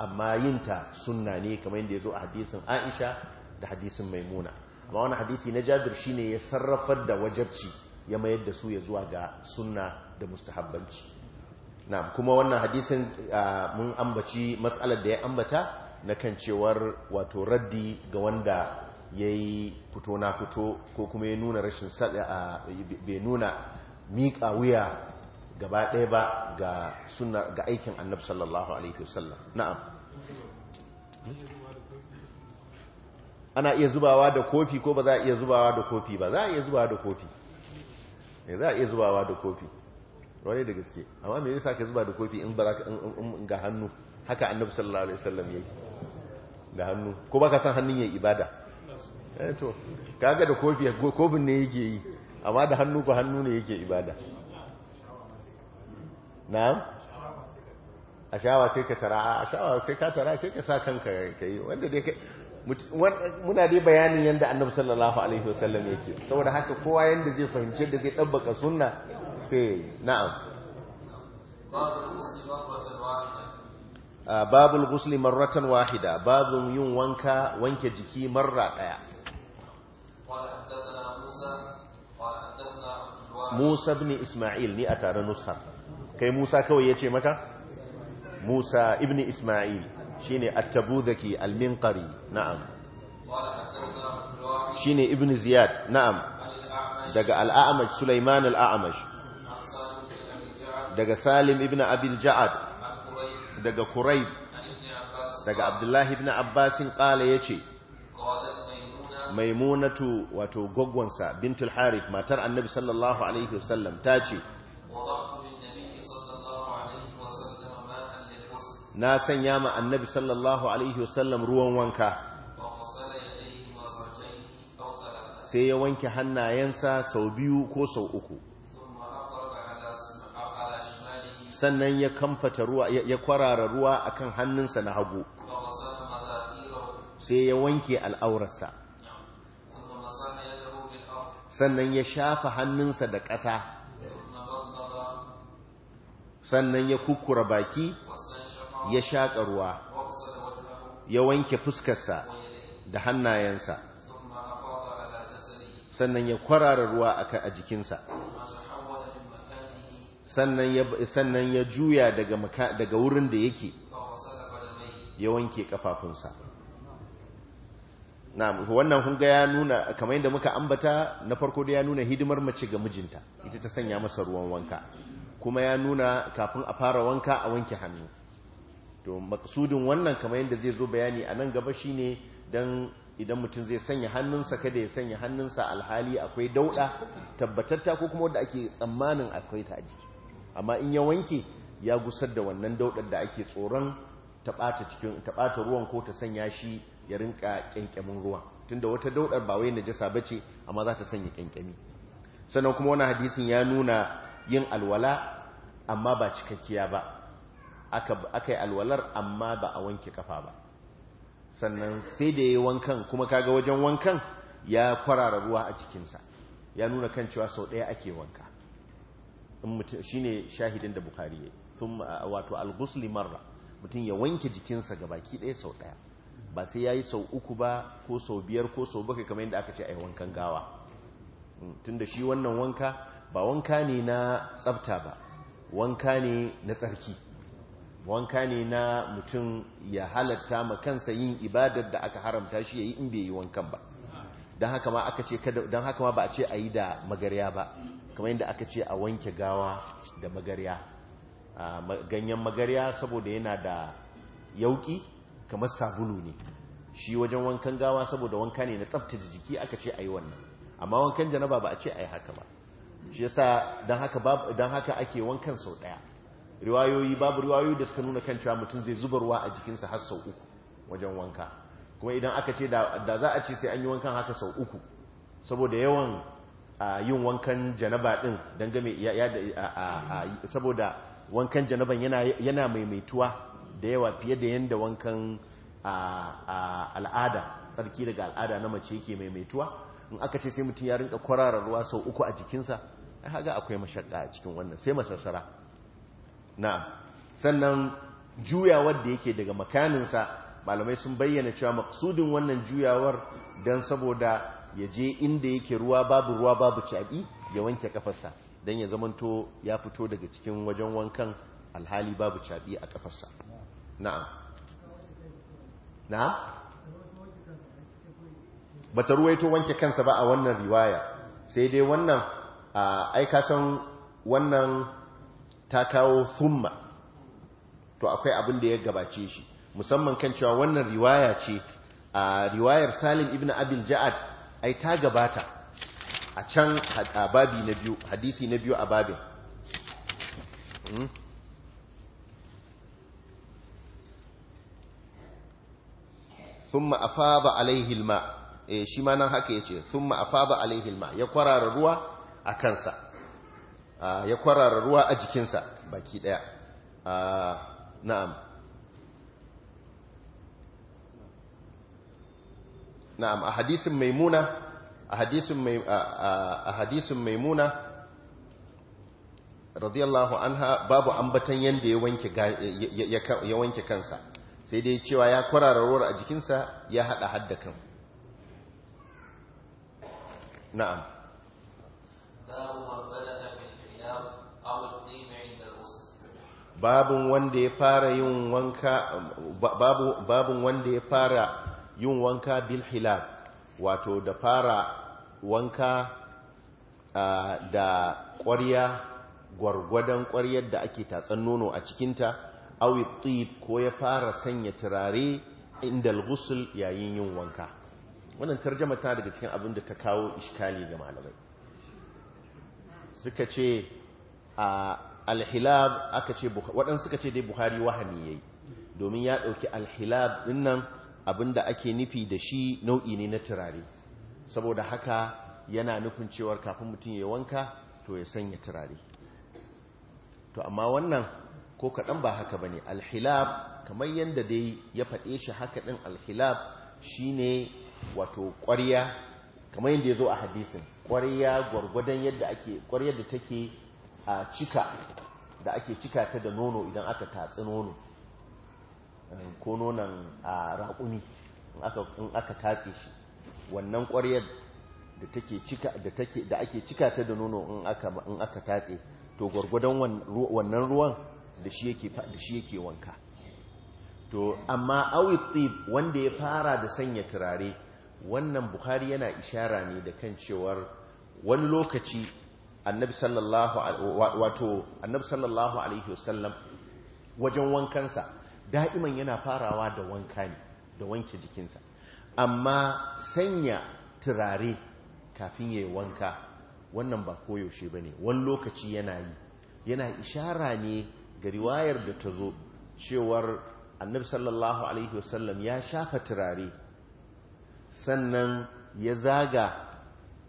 amma yinta sunna ne kamar yadda ya zo a hadisin aisha da hadisin maimuna amma wani hadisi na jabir shi ne ya sarrafar da wajabci ya mayar da su ya zuwa ga sunna da mustahabbanci na kuma wannan hadisin mun ambaci matsalar da ya ambata na kan cewar wato raddi ga wanda ya yi fito na fito ko kuma ya nuna rashin bai nuna miƙa wuya gaba ɗaya ba ga suna ga aikin annab sallallahu alaihi wasallam na'am ana iya zubawa da kofi ko ba za a iya zubawa da kofi ba za a iya zubawa da kofi eh, za a iya zubawa da kofi wani da gaske amma me yasa ka zuba da kofi in ba za ka ga hannu haka annab sallallahu alaihi wasallam yake da hannu ko baka san hannun yayi ibada eh to kaga da kofi kofin ne yake yi amma da hannu ko hannu ne yake ibada na'am a shawa sai ka tara a shawa sai ka tara sai ka sa kanka ka yi wanda dai ka muna dai bayanin yadda annabi sallallahu alaihi wasallam yake saboda haka kowa yadda zai fahimci da zai dabbaka sunna sai na'am ah, babul ghusli marratan wahida babu yin wanka wanke jiki marra daya Musa ibn Isma'il ni a tare nushar kai Musa kawai ya ce maka Musa ibn Isma'il shine at-Tabuzaki al-Minqari na'am shine ibn Ziyad na'am daga al-A'mash Sulaiman daga Salim ibn Abin Ja'ad daga Quraib daga Abdullahi ibn Abbas ya yace maimunatu wato goggonsa bintul harith matar annabi sallallahu alaihi wasallam ta ce na sanya ma annabi sallallahu alaihi wasallam ruwan wanka sai ya wanke hannayensa sau biyu ko sau uku sannan ya kamfata ruwa ya kwarara ruwa akan hannunsa na hagu sai ya wanke al'aurarsa sannan ya shafa hannunsa da ƙasa sannan ya kukura baki ya shaƙa ruwa ya wanke fuskarsa da hannayensa sannan ya kwarara ruwa a jikinsa sannan ya juya daga wurin da yake ya wanke kafafunsa wannan hunga ya nuna kamar yadda muka ambata na farko da ya nuna hidimar mace ga mijinta ita ta sanya masa ruwan wanka kuma ya nuna kafin a fara wanka a wanke hannu to maksudin wannan kamar yadda zai zo bayani a nan gaba shine dan idan mutum zai sanya hannunsa kada ya sanya hannunsa alhali akwai dauda tabbatatta ko kuma wadda ake tsammanin akwai ta jiki amma in ya wanke ya gusar da wannan daudar da ake tsoron taɓata cikin ruwan ko ta sanya shi ya rinka kyankyamin ruwa tunda wata dauɗar ba wai najasa bace amma za ta sanya kyankyami sannan kuma wani hadisin ya nuna yin alwala amma ba cikakkiya ba aka yi alwalar amma ba a wanke kafa ba sannan sai da ya wankan kuma kaga wajen wankan ya kwarara ruwa a cikinsa ya nuna kan cewa sau ɗaya ake wanka shi ne shahidin da bukari ya yi wato al-gusli marra mutum ya wanke jikinsa ga baki ɗaya sau ɗaya ba sai ya yi sau uku ba ko sau biyar ko sau baka kamar yadda aka ce a wankan gawa mm, tun da shi wannan wanka ba wanka ne na tsafta ba wanka ne na tsarki wanka ne na mutum ya halatta ma kansa yin ibadar da aka haramta shi yayi in bai yi wankan ba Don haka ma aka haka ba a ce a yi da magarya ba kamar yadda aka ce a wanke gawa da magarya ganyen magarya saboda yana da yauki kamar sabulu ne shi wajen wankan gawa saboda wanka ne na tsaftace jiki aka ce a yi wannan amma wankan janaba ba a ce a yi haka ba shi yasa don haka ake wankan sau ɗaya. riwayoyi babu riwayoyi da suka nuna kan cewa mutum zai zubarwa a jikinsa har sau uku wajen wanka kuma idan aka ce da za a ce sai an yi wankan haka sau uku saboda yawan yin wankan janaba din dangame saboda wankan janaban yana maimaituwa da yawa fiye da yadda wankan al'ada tsarki daga al'ada na mace yake maimaituwa in aka ce sai mutum ya rinka kwararar ruwa sau uku a jikinsa Ai haga akwai mashakka a cikin wannan sai masassara na sannan juyawar da yake daga makaninsa malamai sun bayyana cewa maksudin wannan juyawar don saboda ya je inda yake ruwa babu ruwa babu caɓi ya wanke kafarsa don ya zamanto ya fito daga cikin wajen wankan alhali babu caɓi a kafarsa na'am na'am bata ruwaito wanke kansa ba a wannan riwaya sai dai wannan a aikatan wannan ta kawo thumma to akwai abin da ya gabace shi musamman kan cewa wannan riwaya ce a riwayar salim ibn abin ja'ad ai ta gabata a can a babi na biyu hadisi na biyu a babin hmm? thumma afaba alaihi alma eh shi ma nan haka yace thumma afada alaihi alma ya kwarara ruwa a kansa Ah, ya kwarara ruwa a jikinsa baki daya ah, na'am na'am a hadisin maimuna a hadisin maimuna radiyallahu anha babu ambatan yanda ya wanke ya wanke kansa sai dai cewa ya kwarara ruwa a jikinsa ya hada haddakan na'am babin wanda ya fara yin wanka bilhila bil hilal wato da fara wanka da ƙwarya gwargwadon ƙwaryar da ake tatsan nono a cikinta awi tib ko ya fara sanya turare inda al yayin yin wanka wannan tarjama ta daga cikin abin da ta kawo iskali ga malamai suka ce a alhilab aka ce waɗansu suka ce dai buhari wahami yayi domin ya ɗauki alhilab dinnan abinda ake nufi da shi nau'i ne na turare saboda haka yana nufin cewar kafin mutum ya wanka to ya sanya turare to amma wannan ko kaɗan ba haka ba ne alhilab kamar yadda dai ya faɗe shi haka ɗin alhilab ne wato ƙwarya kamar yadda ya zo a hadisin ƙwarya gwargwadon yadda ake ƙwaryar da take a cika da ake cika ta da nono idan aka tatsi nono eh, ko nonon a raƙumi in aka tatse shi wannan ƙwaryar da take cika da take da ake cika ta da nono in aka in aka tatse to gurgudan wannan ruwan da shi yake da shi yake wanka to amma awi tib wanda ya fara da sanya turare wannan bukhari yana ishara ne da kan cewar wani lokaci annabi sallallahu alaihi wasallam wajen wankansa da'iman yana farawa da wanka ne da wanke jikinsa amma sanya turare kafin yayi wanka wannan ba koyaushe ba ne wani lokaci yana yi yana ishara ne ga riwayar da ta zo cewar annabi sallallahu alaihi wasallam ya shafa turare sannan ya zaga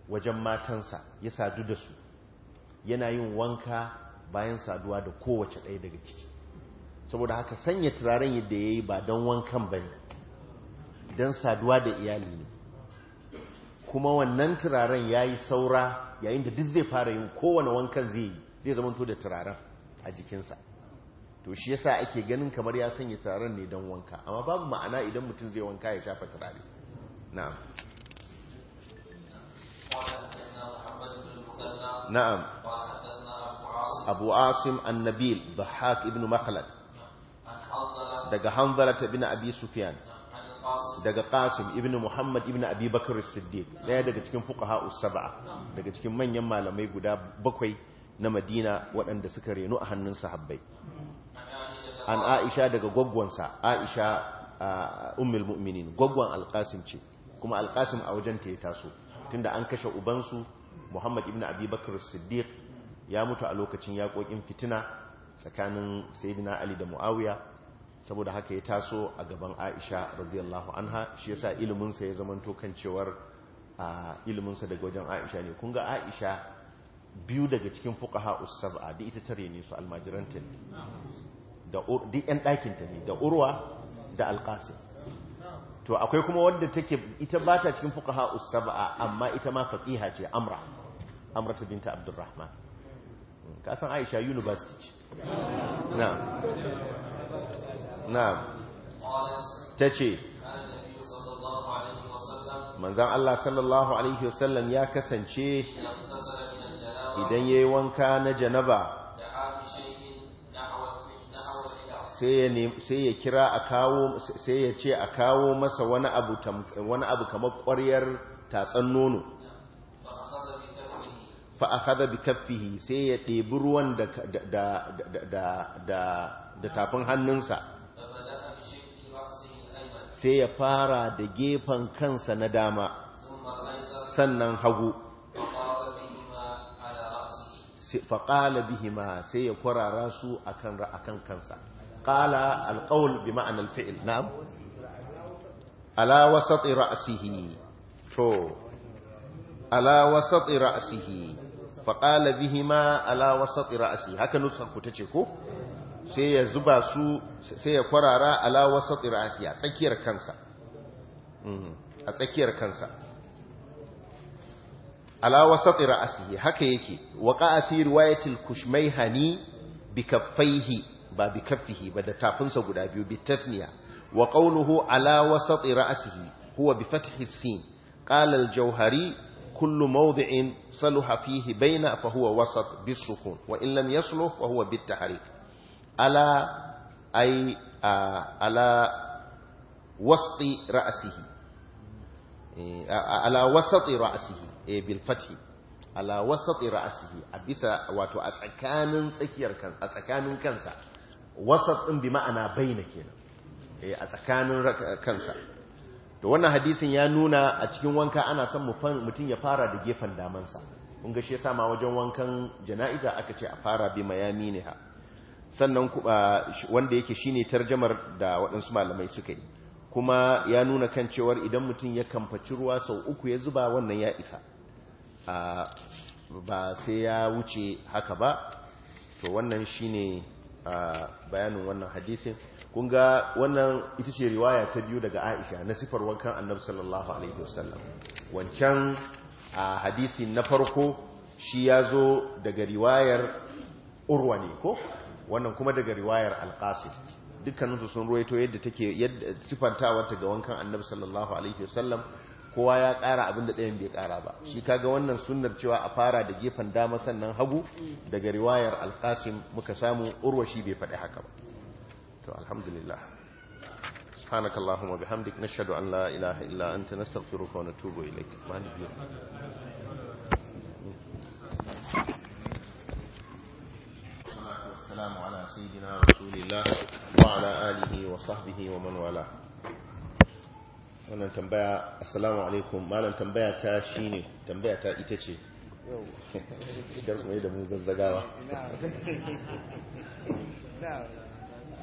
wajen matansa ya sadu da su yana yin wanka bayan saduwa da kowace ɗaya daga ciki saboda haka sanya turaren yadda ya yi ba don wankan ba ne don saduwa da iyali ne kuma wannan turaren ya yi saura yayin da duk zai fara yin kowane wankan zai yi zai zama zamanto da turaren a jikinsa to shi yasa ake ganin kamar ya sanya turaren ne don wanka amma babu ma'ana idan mutum zai wanka ya shafa turare na'am Na'am, أبو عاصم النبيل ضحاك ابن مخلد دقى حنظلة ابن أبي سفيان daga Qasim ibn Muhammad ibn Abi Bakr as-Siddiq daya daga cikin fuqaha usaba'a daga cikin manyan malamai guda bakwai na Madina waɗanda suka renu a hannun sahabbai an Aisha daga gwaggonsa Aisha ummul gwaggon gwaggwan ce kuma al a wajen ta ya taso tunda an kashe ubansu muhammad ibn abubakar siddiq ya mutu a lokacin yaƙoƙin fitina tsakanin sayyidina ali da muawiya saboda haka ya taso a gaban aisha radiyallahu anha shi yasa iliminsa ya zamanto kan cewar iliminsa daga wajen aisha ne kun ga aisha biyu daga cikin fuqaha us-sab'a da ita tare ne su almajiranta ne da duk ɗakinta ne da urwa da alqasim to akwai kuma wadda take ita ba ta cikin fukaha uSaba'a, amma ita ma faqiha ce amra amra binta abdurrahman hmm, ka san aisha university ce na'am na'am tace manzan Allah sallallahu alaihi wasallam ya kasance idan yayi wanka na janaba sai ya kira sai ya ce a kawo masa wani abu wani abu kamar ƙwaryar tatsan nono fa akhadha bi kaffihi sai ya ɗebi ruwan da tafin hannunsa sai ya fara da gefen kansa na dama sannan hagu faƙala bihima sai ya kwarara su akan kansa قال القول بمعنى الفعل نعم على وسط رأسه تو على وسط رأسه فقال بهما على وسط رأسه هكا نسخة sai ya zuba su sai ya kwarara ala wasat irasi a tsakiyar kansa a tsakiyar kansa haka yake waqa fi riwayatil kushmayhani ba bi kaffihi ba da tafinsa guda biyu bi tasniya wa qawluhu ala wasati ra'sihi huwa bi fathi sin qala al-jawhari kullu mawdi'in saluha fihi bayna fa huwa wasat bi sukun wa in lam yasluh fa huwa bi tahrik ala ay ala wasati ra'sihi eh, ala wasati ra'sihi eh, bil fathi ala wasati ra'sihi a bisa wato a tsakanin tsakiyar kan a tsakanin kansa wasaf ɗin bi ma'ana na kenan eh, a tsakanin kansa to wannan hadisin ya nuna a cikin wanka ana son mutum ya fara da gefen damansa in ga shi yasa ma wajen wankan jana'iza aka ce a fara bi ya ne ha sannan wanda yake shi ne tarjamar da waɗansu malamai suka yi kuma ya nuna kan cewar idan mutum ya kamfaci ruwa sau uku ya zuba wannan ya isa ba sai ya wuce haka ba to wannan shi ne. a bayanin wannan hadisin kun ga wannan ita ce riwaya ta biyu daga Aisha na sifar wankan Annabi sallallahu alaihi wasallam wancan a hadisi na farko shi ya zo daga riwayar Urwa ne ko wannan kuma daga riwayar Alkasi dukkaninsu sun ruwaito yadda take yadda sifantawa ga wankan Annabi sallallahu alaihi wasallam kowa ya ƙara abin da ɗayan bai ƙara ba shi kaga wannan sunnar cewa a fara da gefen dama sannan hagu daga riwayar alƙasim muka samu urwashi bai faɗi haka ba to alhamdulillah سبحانك اللهم وبحمدك نشهد أن لا إله إلا أنت نستغفرك ونتوب إليك ما والسلام على سيدنا رسول الله وعلى آله وصحبه ومن والاه wannan tambaya assalamu alaikum malam tambaya ta shi ne tambaya ta ita ce kuma da mu zazzagawa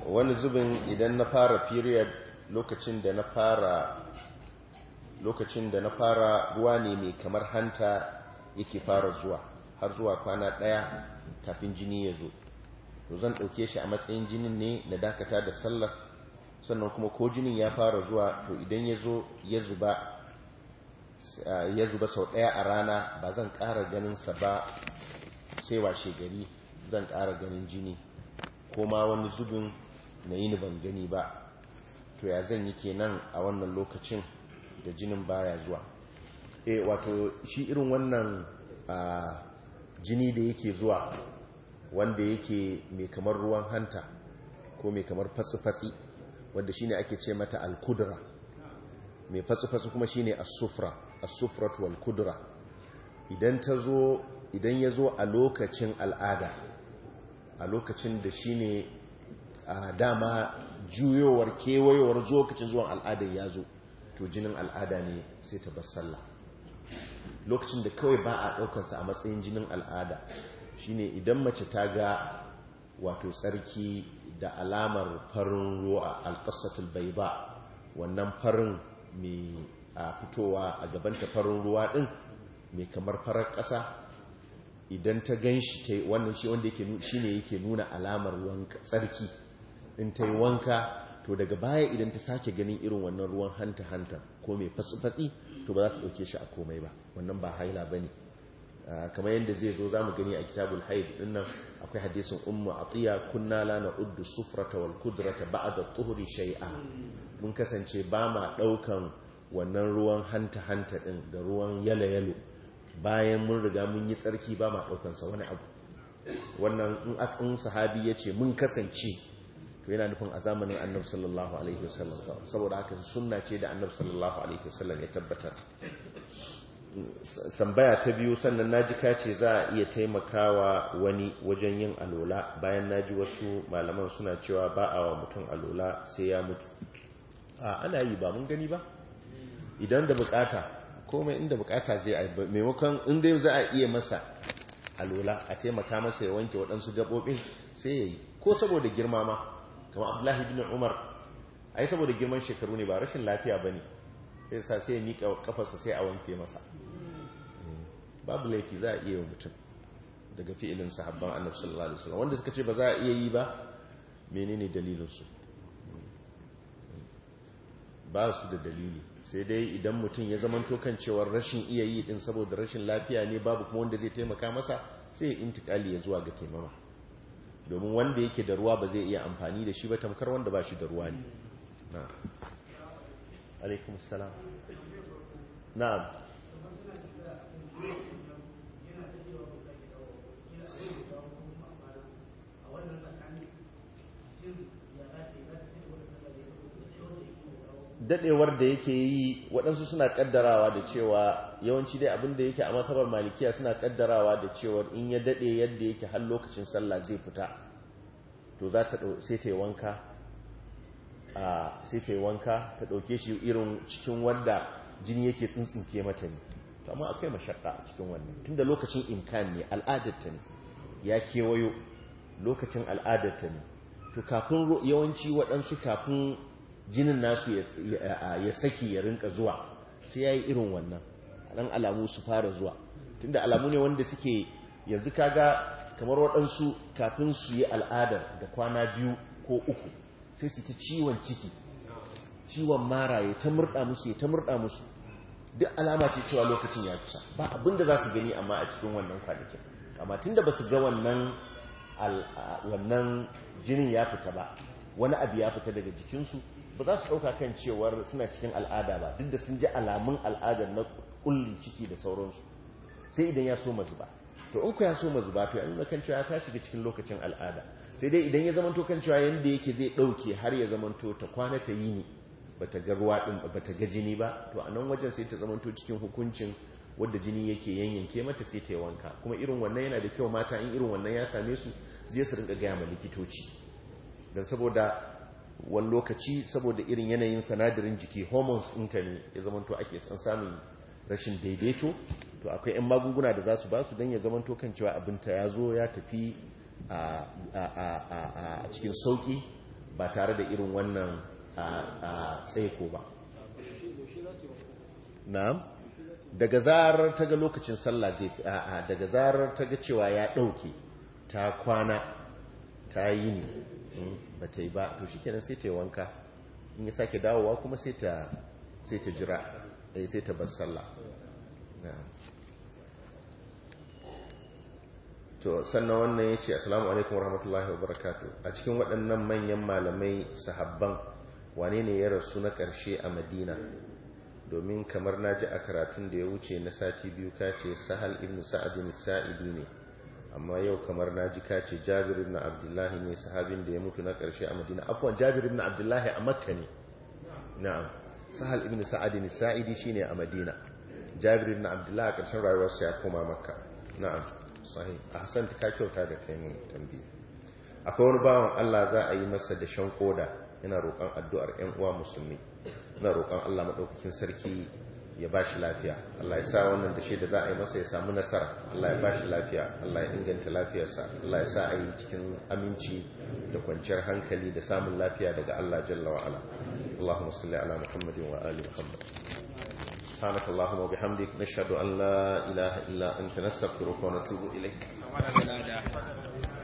wani zubin idan na fara period lokacin da na fara lokacin da na fara ruwa ne mai kamar hanta yake fara zuwa har zuwa kwana daya kafin jini ya zo to zan dauke shi a matsayin jinin ne na dakata da sallar sannan kuma ko jinin ya fara zuwa to idan ya zo ya zuba sau ɗaya a rana ba zan ƙara ganinsa ba sai washe gari zan ƙara ganin jini ko ma wani zubin na yi ban gani ba to ya zan yi kenan a wannan lokacin da jinin baya zuwa e wato shi irin wannan jini da yake zuwa wanda yake mai kamar ruwan hanta ko mai kamar fatsi-fatsi wadda shine ake ce mata al mai fatsu-fatsu kuma shine as-sufra as-sufratu wal-kudra idan ta zo idan ya zo a lokacin al'ada a lokacin da shine dama juyowar kewayowar lokacin zuwan al'ada ya zo to jinin al'ada ne sai ta bar sallah lokacin da kawai ba a ɗaukansa a matsayin jinin al'ada shine idan mace ta ga wato tsarki da alamar farin ruwa alƙasatul bai ba wannan farin mai a fitowa a gabanta farin ruwa ɗin mai kamar farar ƙasa idan ta gan shi wannan shi wanda shi ne yake nuna alamar tsarki in ta yi wanka to daga baya idan ta sake ganin irin wannan ruwan hanta-hanta ko mai fatsi-fatsi to ba za ta ɗauke shi a komai ba wannan ba haila ba ne kamar yadda zai zo za mu gani a kitabul haid dinnan akwai umu a tsiya kunna lana uddu sufrata wal a da tuhuri shai'a mun kasance ba ma daukan wannan ruwan hanta hanta din da ruwan yalo yalo bayan mun riga mun yi tsarki ba ma daukan sa wani abu wannan in akun sahabi ce mun kasance to yana nufin a zamanin annabi sallallahu alaihi wasallam saboda haka sunna ce da annabi sallallahu alaihi wasallam ya tabbatar sambaya ta biyu sannan na naji kace za a iya taimakawa wani wajen yin alola bayan naji wasu malaman suna cewa ba a wa mutum alola sai ya mutu a ana yi ba mun gani ba idan da bukata komai inda bukata zai a maimakon inda za a iya masa alola a taimaka masa ya wanke waɗansu gaɓoɓin sai ya yi ko saboda girma ma kama abdullahi bin umar ai saboda girman shekaru ne ba rashin lafiya ba ne sai sa sai ya miƙa ƙafarsa sai a wanke masa babu laifi za a iya yi mutum daga fi'ilin sahabban annab sallallahu alaihi wasallam wanda suka ce ba za a iya yi ba menene dalilin su ba su da dalili sai dai idan mutum ya zamanto kan cewar rashin iya yi din saboda rashin lafiya ne babu kuma wanda zai taimaka masa sai intikali ya zuwa ga taimama domin wanda yake da ruwa ba zai iya amfani da shi ba tamkar wanda ba shi da ruwa ne na alaikum salam na'am dadewar da yake yi waɗansu suna kaddarawa da cewa yawanci dai abin da yake a matsabar malikiya suna kaddarawa da cewar in ya dade yadda yake har lokacin sallah zai fita to za ta sai ta yi wanka a sai ta yi wanka ta dauke shi irin cikin wanda jini yake tsintsinke mata ne to amma akwai mashaka a cikin wannan tunda lokacin imkan ne al'adarta ne ya kewayo lokacin al'adarta ne to kafin yawanci waɗansu kafin jinin nasu ya saki ya rinka zuwa sai ya yi irin wannan dan alamu su fara zuwa tunda alamu ne wanda suke yanzu kaga kamar waɗansu kafin su yi al'adar da kwana biyu ko uku sai su ta ciwon ciki ciwon mara ya ta murɗa musu ya ta murɗa musu duk alama ce cewa lokacin ya kusa ba abin za su gani amma a cikin wannan kwanakin amma tunda ba su ga wannan wannan jinin ya fita ba wani abu ya fita daga jikinsu ba za su ɗauka kan cewar suna cikin al'ada ba duk da sun ji alamun al'adar na kullin ciki da sauransu sai idan ya so mazuba to in ya so mazuba to an kan cewa ta shiga cikin lokacin al'ada sai dai idan ya zamanto kan cewa yanda yake zai ɗauke har ya zamanto ta kwana ta yi ba ta ga ruwa din ta ga jini ba to a nan wajen sai ta zamanto cikin hukuncin wadda jini yake yanyanke mata sai ta yi wanka kuma irin wannan yana da kyau mata in irin wannan ya same su zai su rinka gaya ma likitoci don saboda wani lokaci saboda irin yanayin sanadarin jiki hormones ɗinta ne ya zamanto ake san samun rashin daidaito to akwai 'yan magunguna da za su ba su don ya zamanto kan cewa abinta ya zo ya tafi a cikin sauƙi ba tare da irin wannan tsaiko ba na'am daga zarar ta ga lokacin sallah zai daga zarar ta ga cewa ya ɗauke ta kwana ta yi ne ba ta yi ba to shi kenan sai ta yi wanka in ya sake dawowa kuma sai ta jira eh, sai ta bar sallah to sannan wannan ya ce asalamu alaikum warahmatullahi wabarakatuh a cikin waɗannan manyan malamai sahabban wane ne ya rasu na ƙarshe a madina domin kamar na ji a karatun da ya wuce na sati biyu ka ce sahal ibn sa'adun sa'idi ne amma yau kamar na ji kace jabir ibn abdullahi ne sahabin da ya mutu na ƙarshe a madina afwan jabir ibn abdullahi a makka ne na'am sahal ibn sa'ad ibn sa'idi shine a madina jabir ibn abdullahi a ƙarshen rayuwarsa ya koma makka na'am sahih ahsan ta kyauta da kai mun tambaye akwai wani bawan Allah za a yi masa da shan koda ina roƙon addu'ar ƴan uwa musulmi ina roƙon Allah madaukakin sarki ya ba shi lafiya Allah ya sa wannan da shi da za a yi masa ya samu nasara Allah ya ba shi lafiya Allah ya inganta lafiyarsa Allah ya sa a yi cikin aminci da kwanciyar hankali da samun lafiya daga Allah jalla wa ala Allahumma salli ala Muhammadin wa ali Muhammad سبحانك اللهم وبحمدك نشهد أن لا إله إلا أنت نستغفرك ونتوب إليك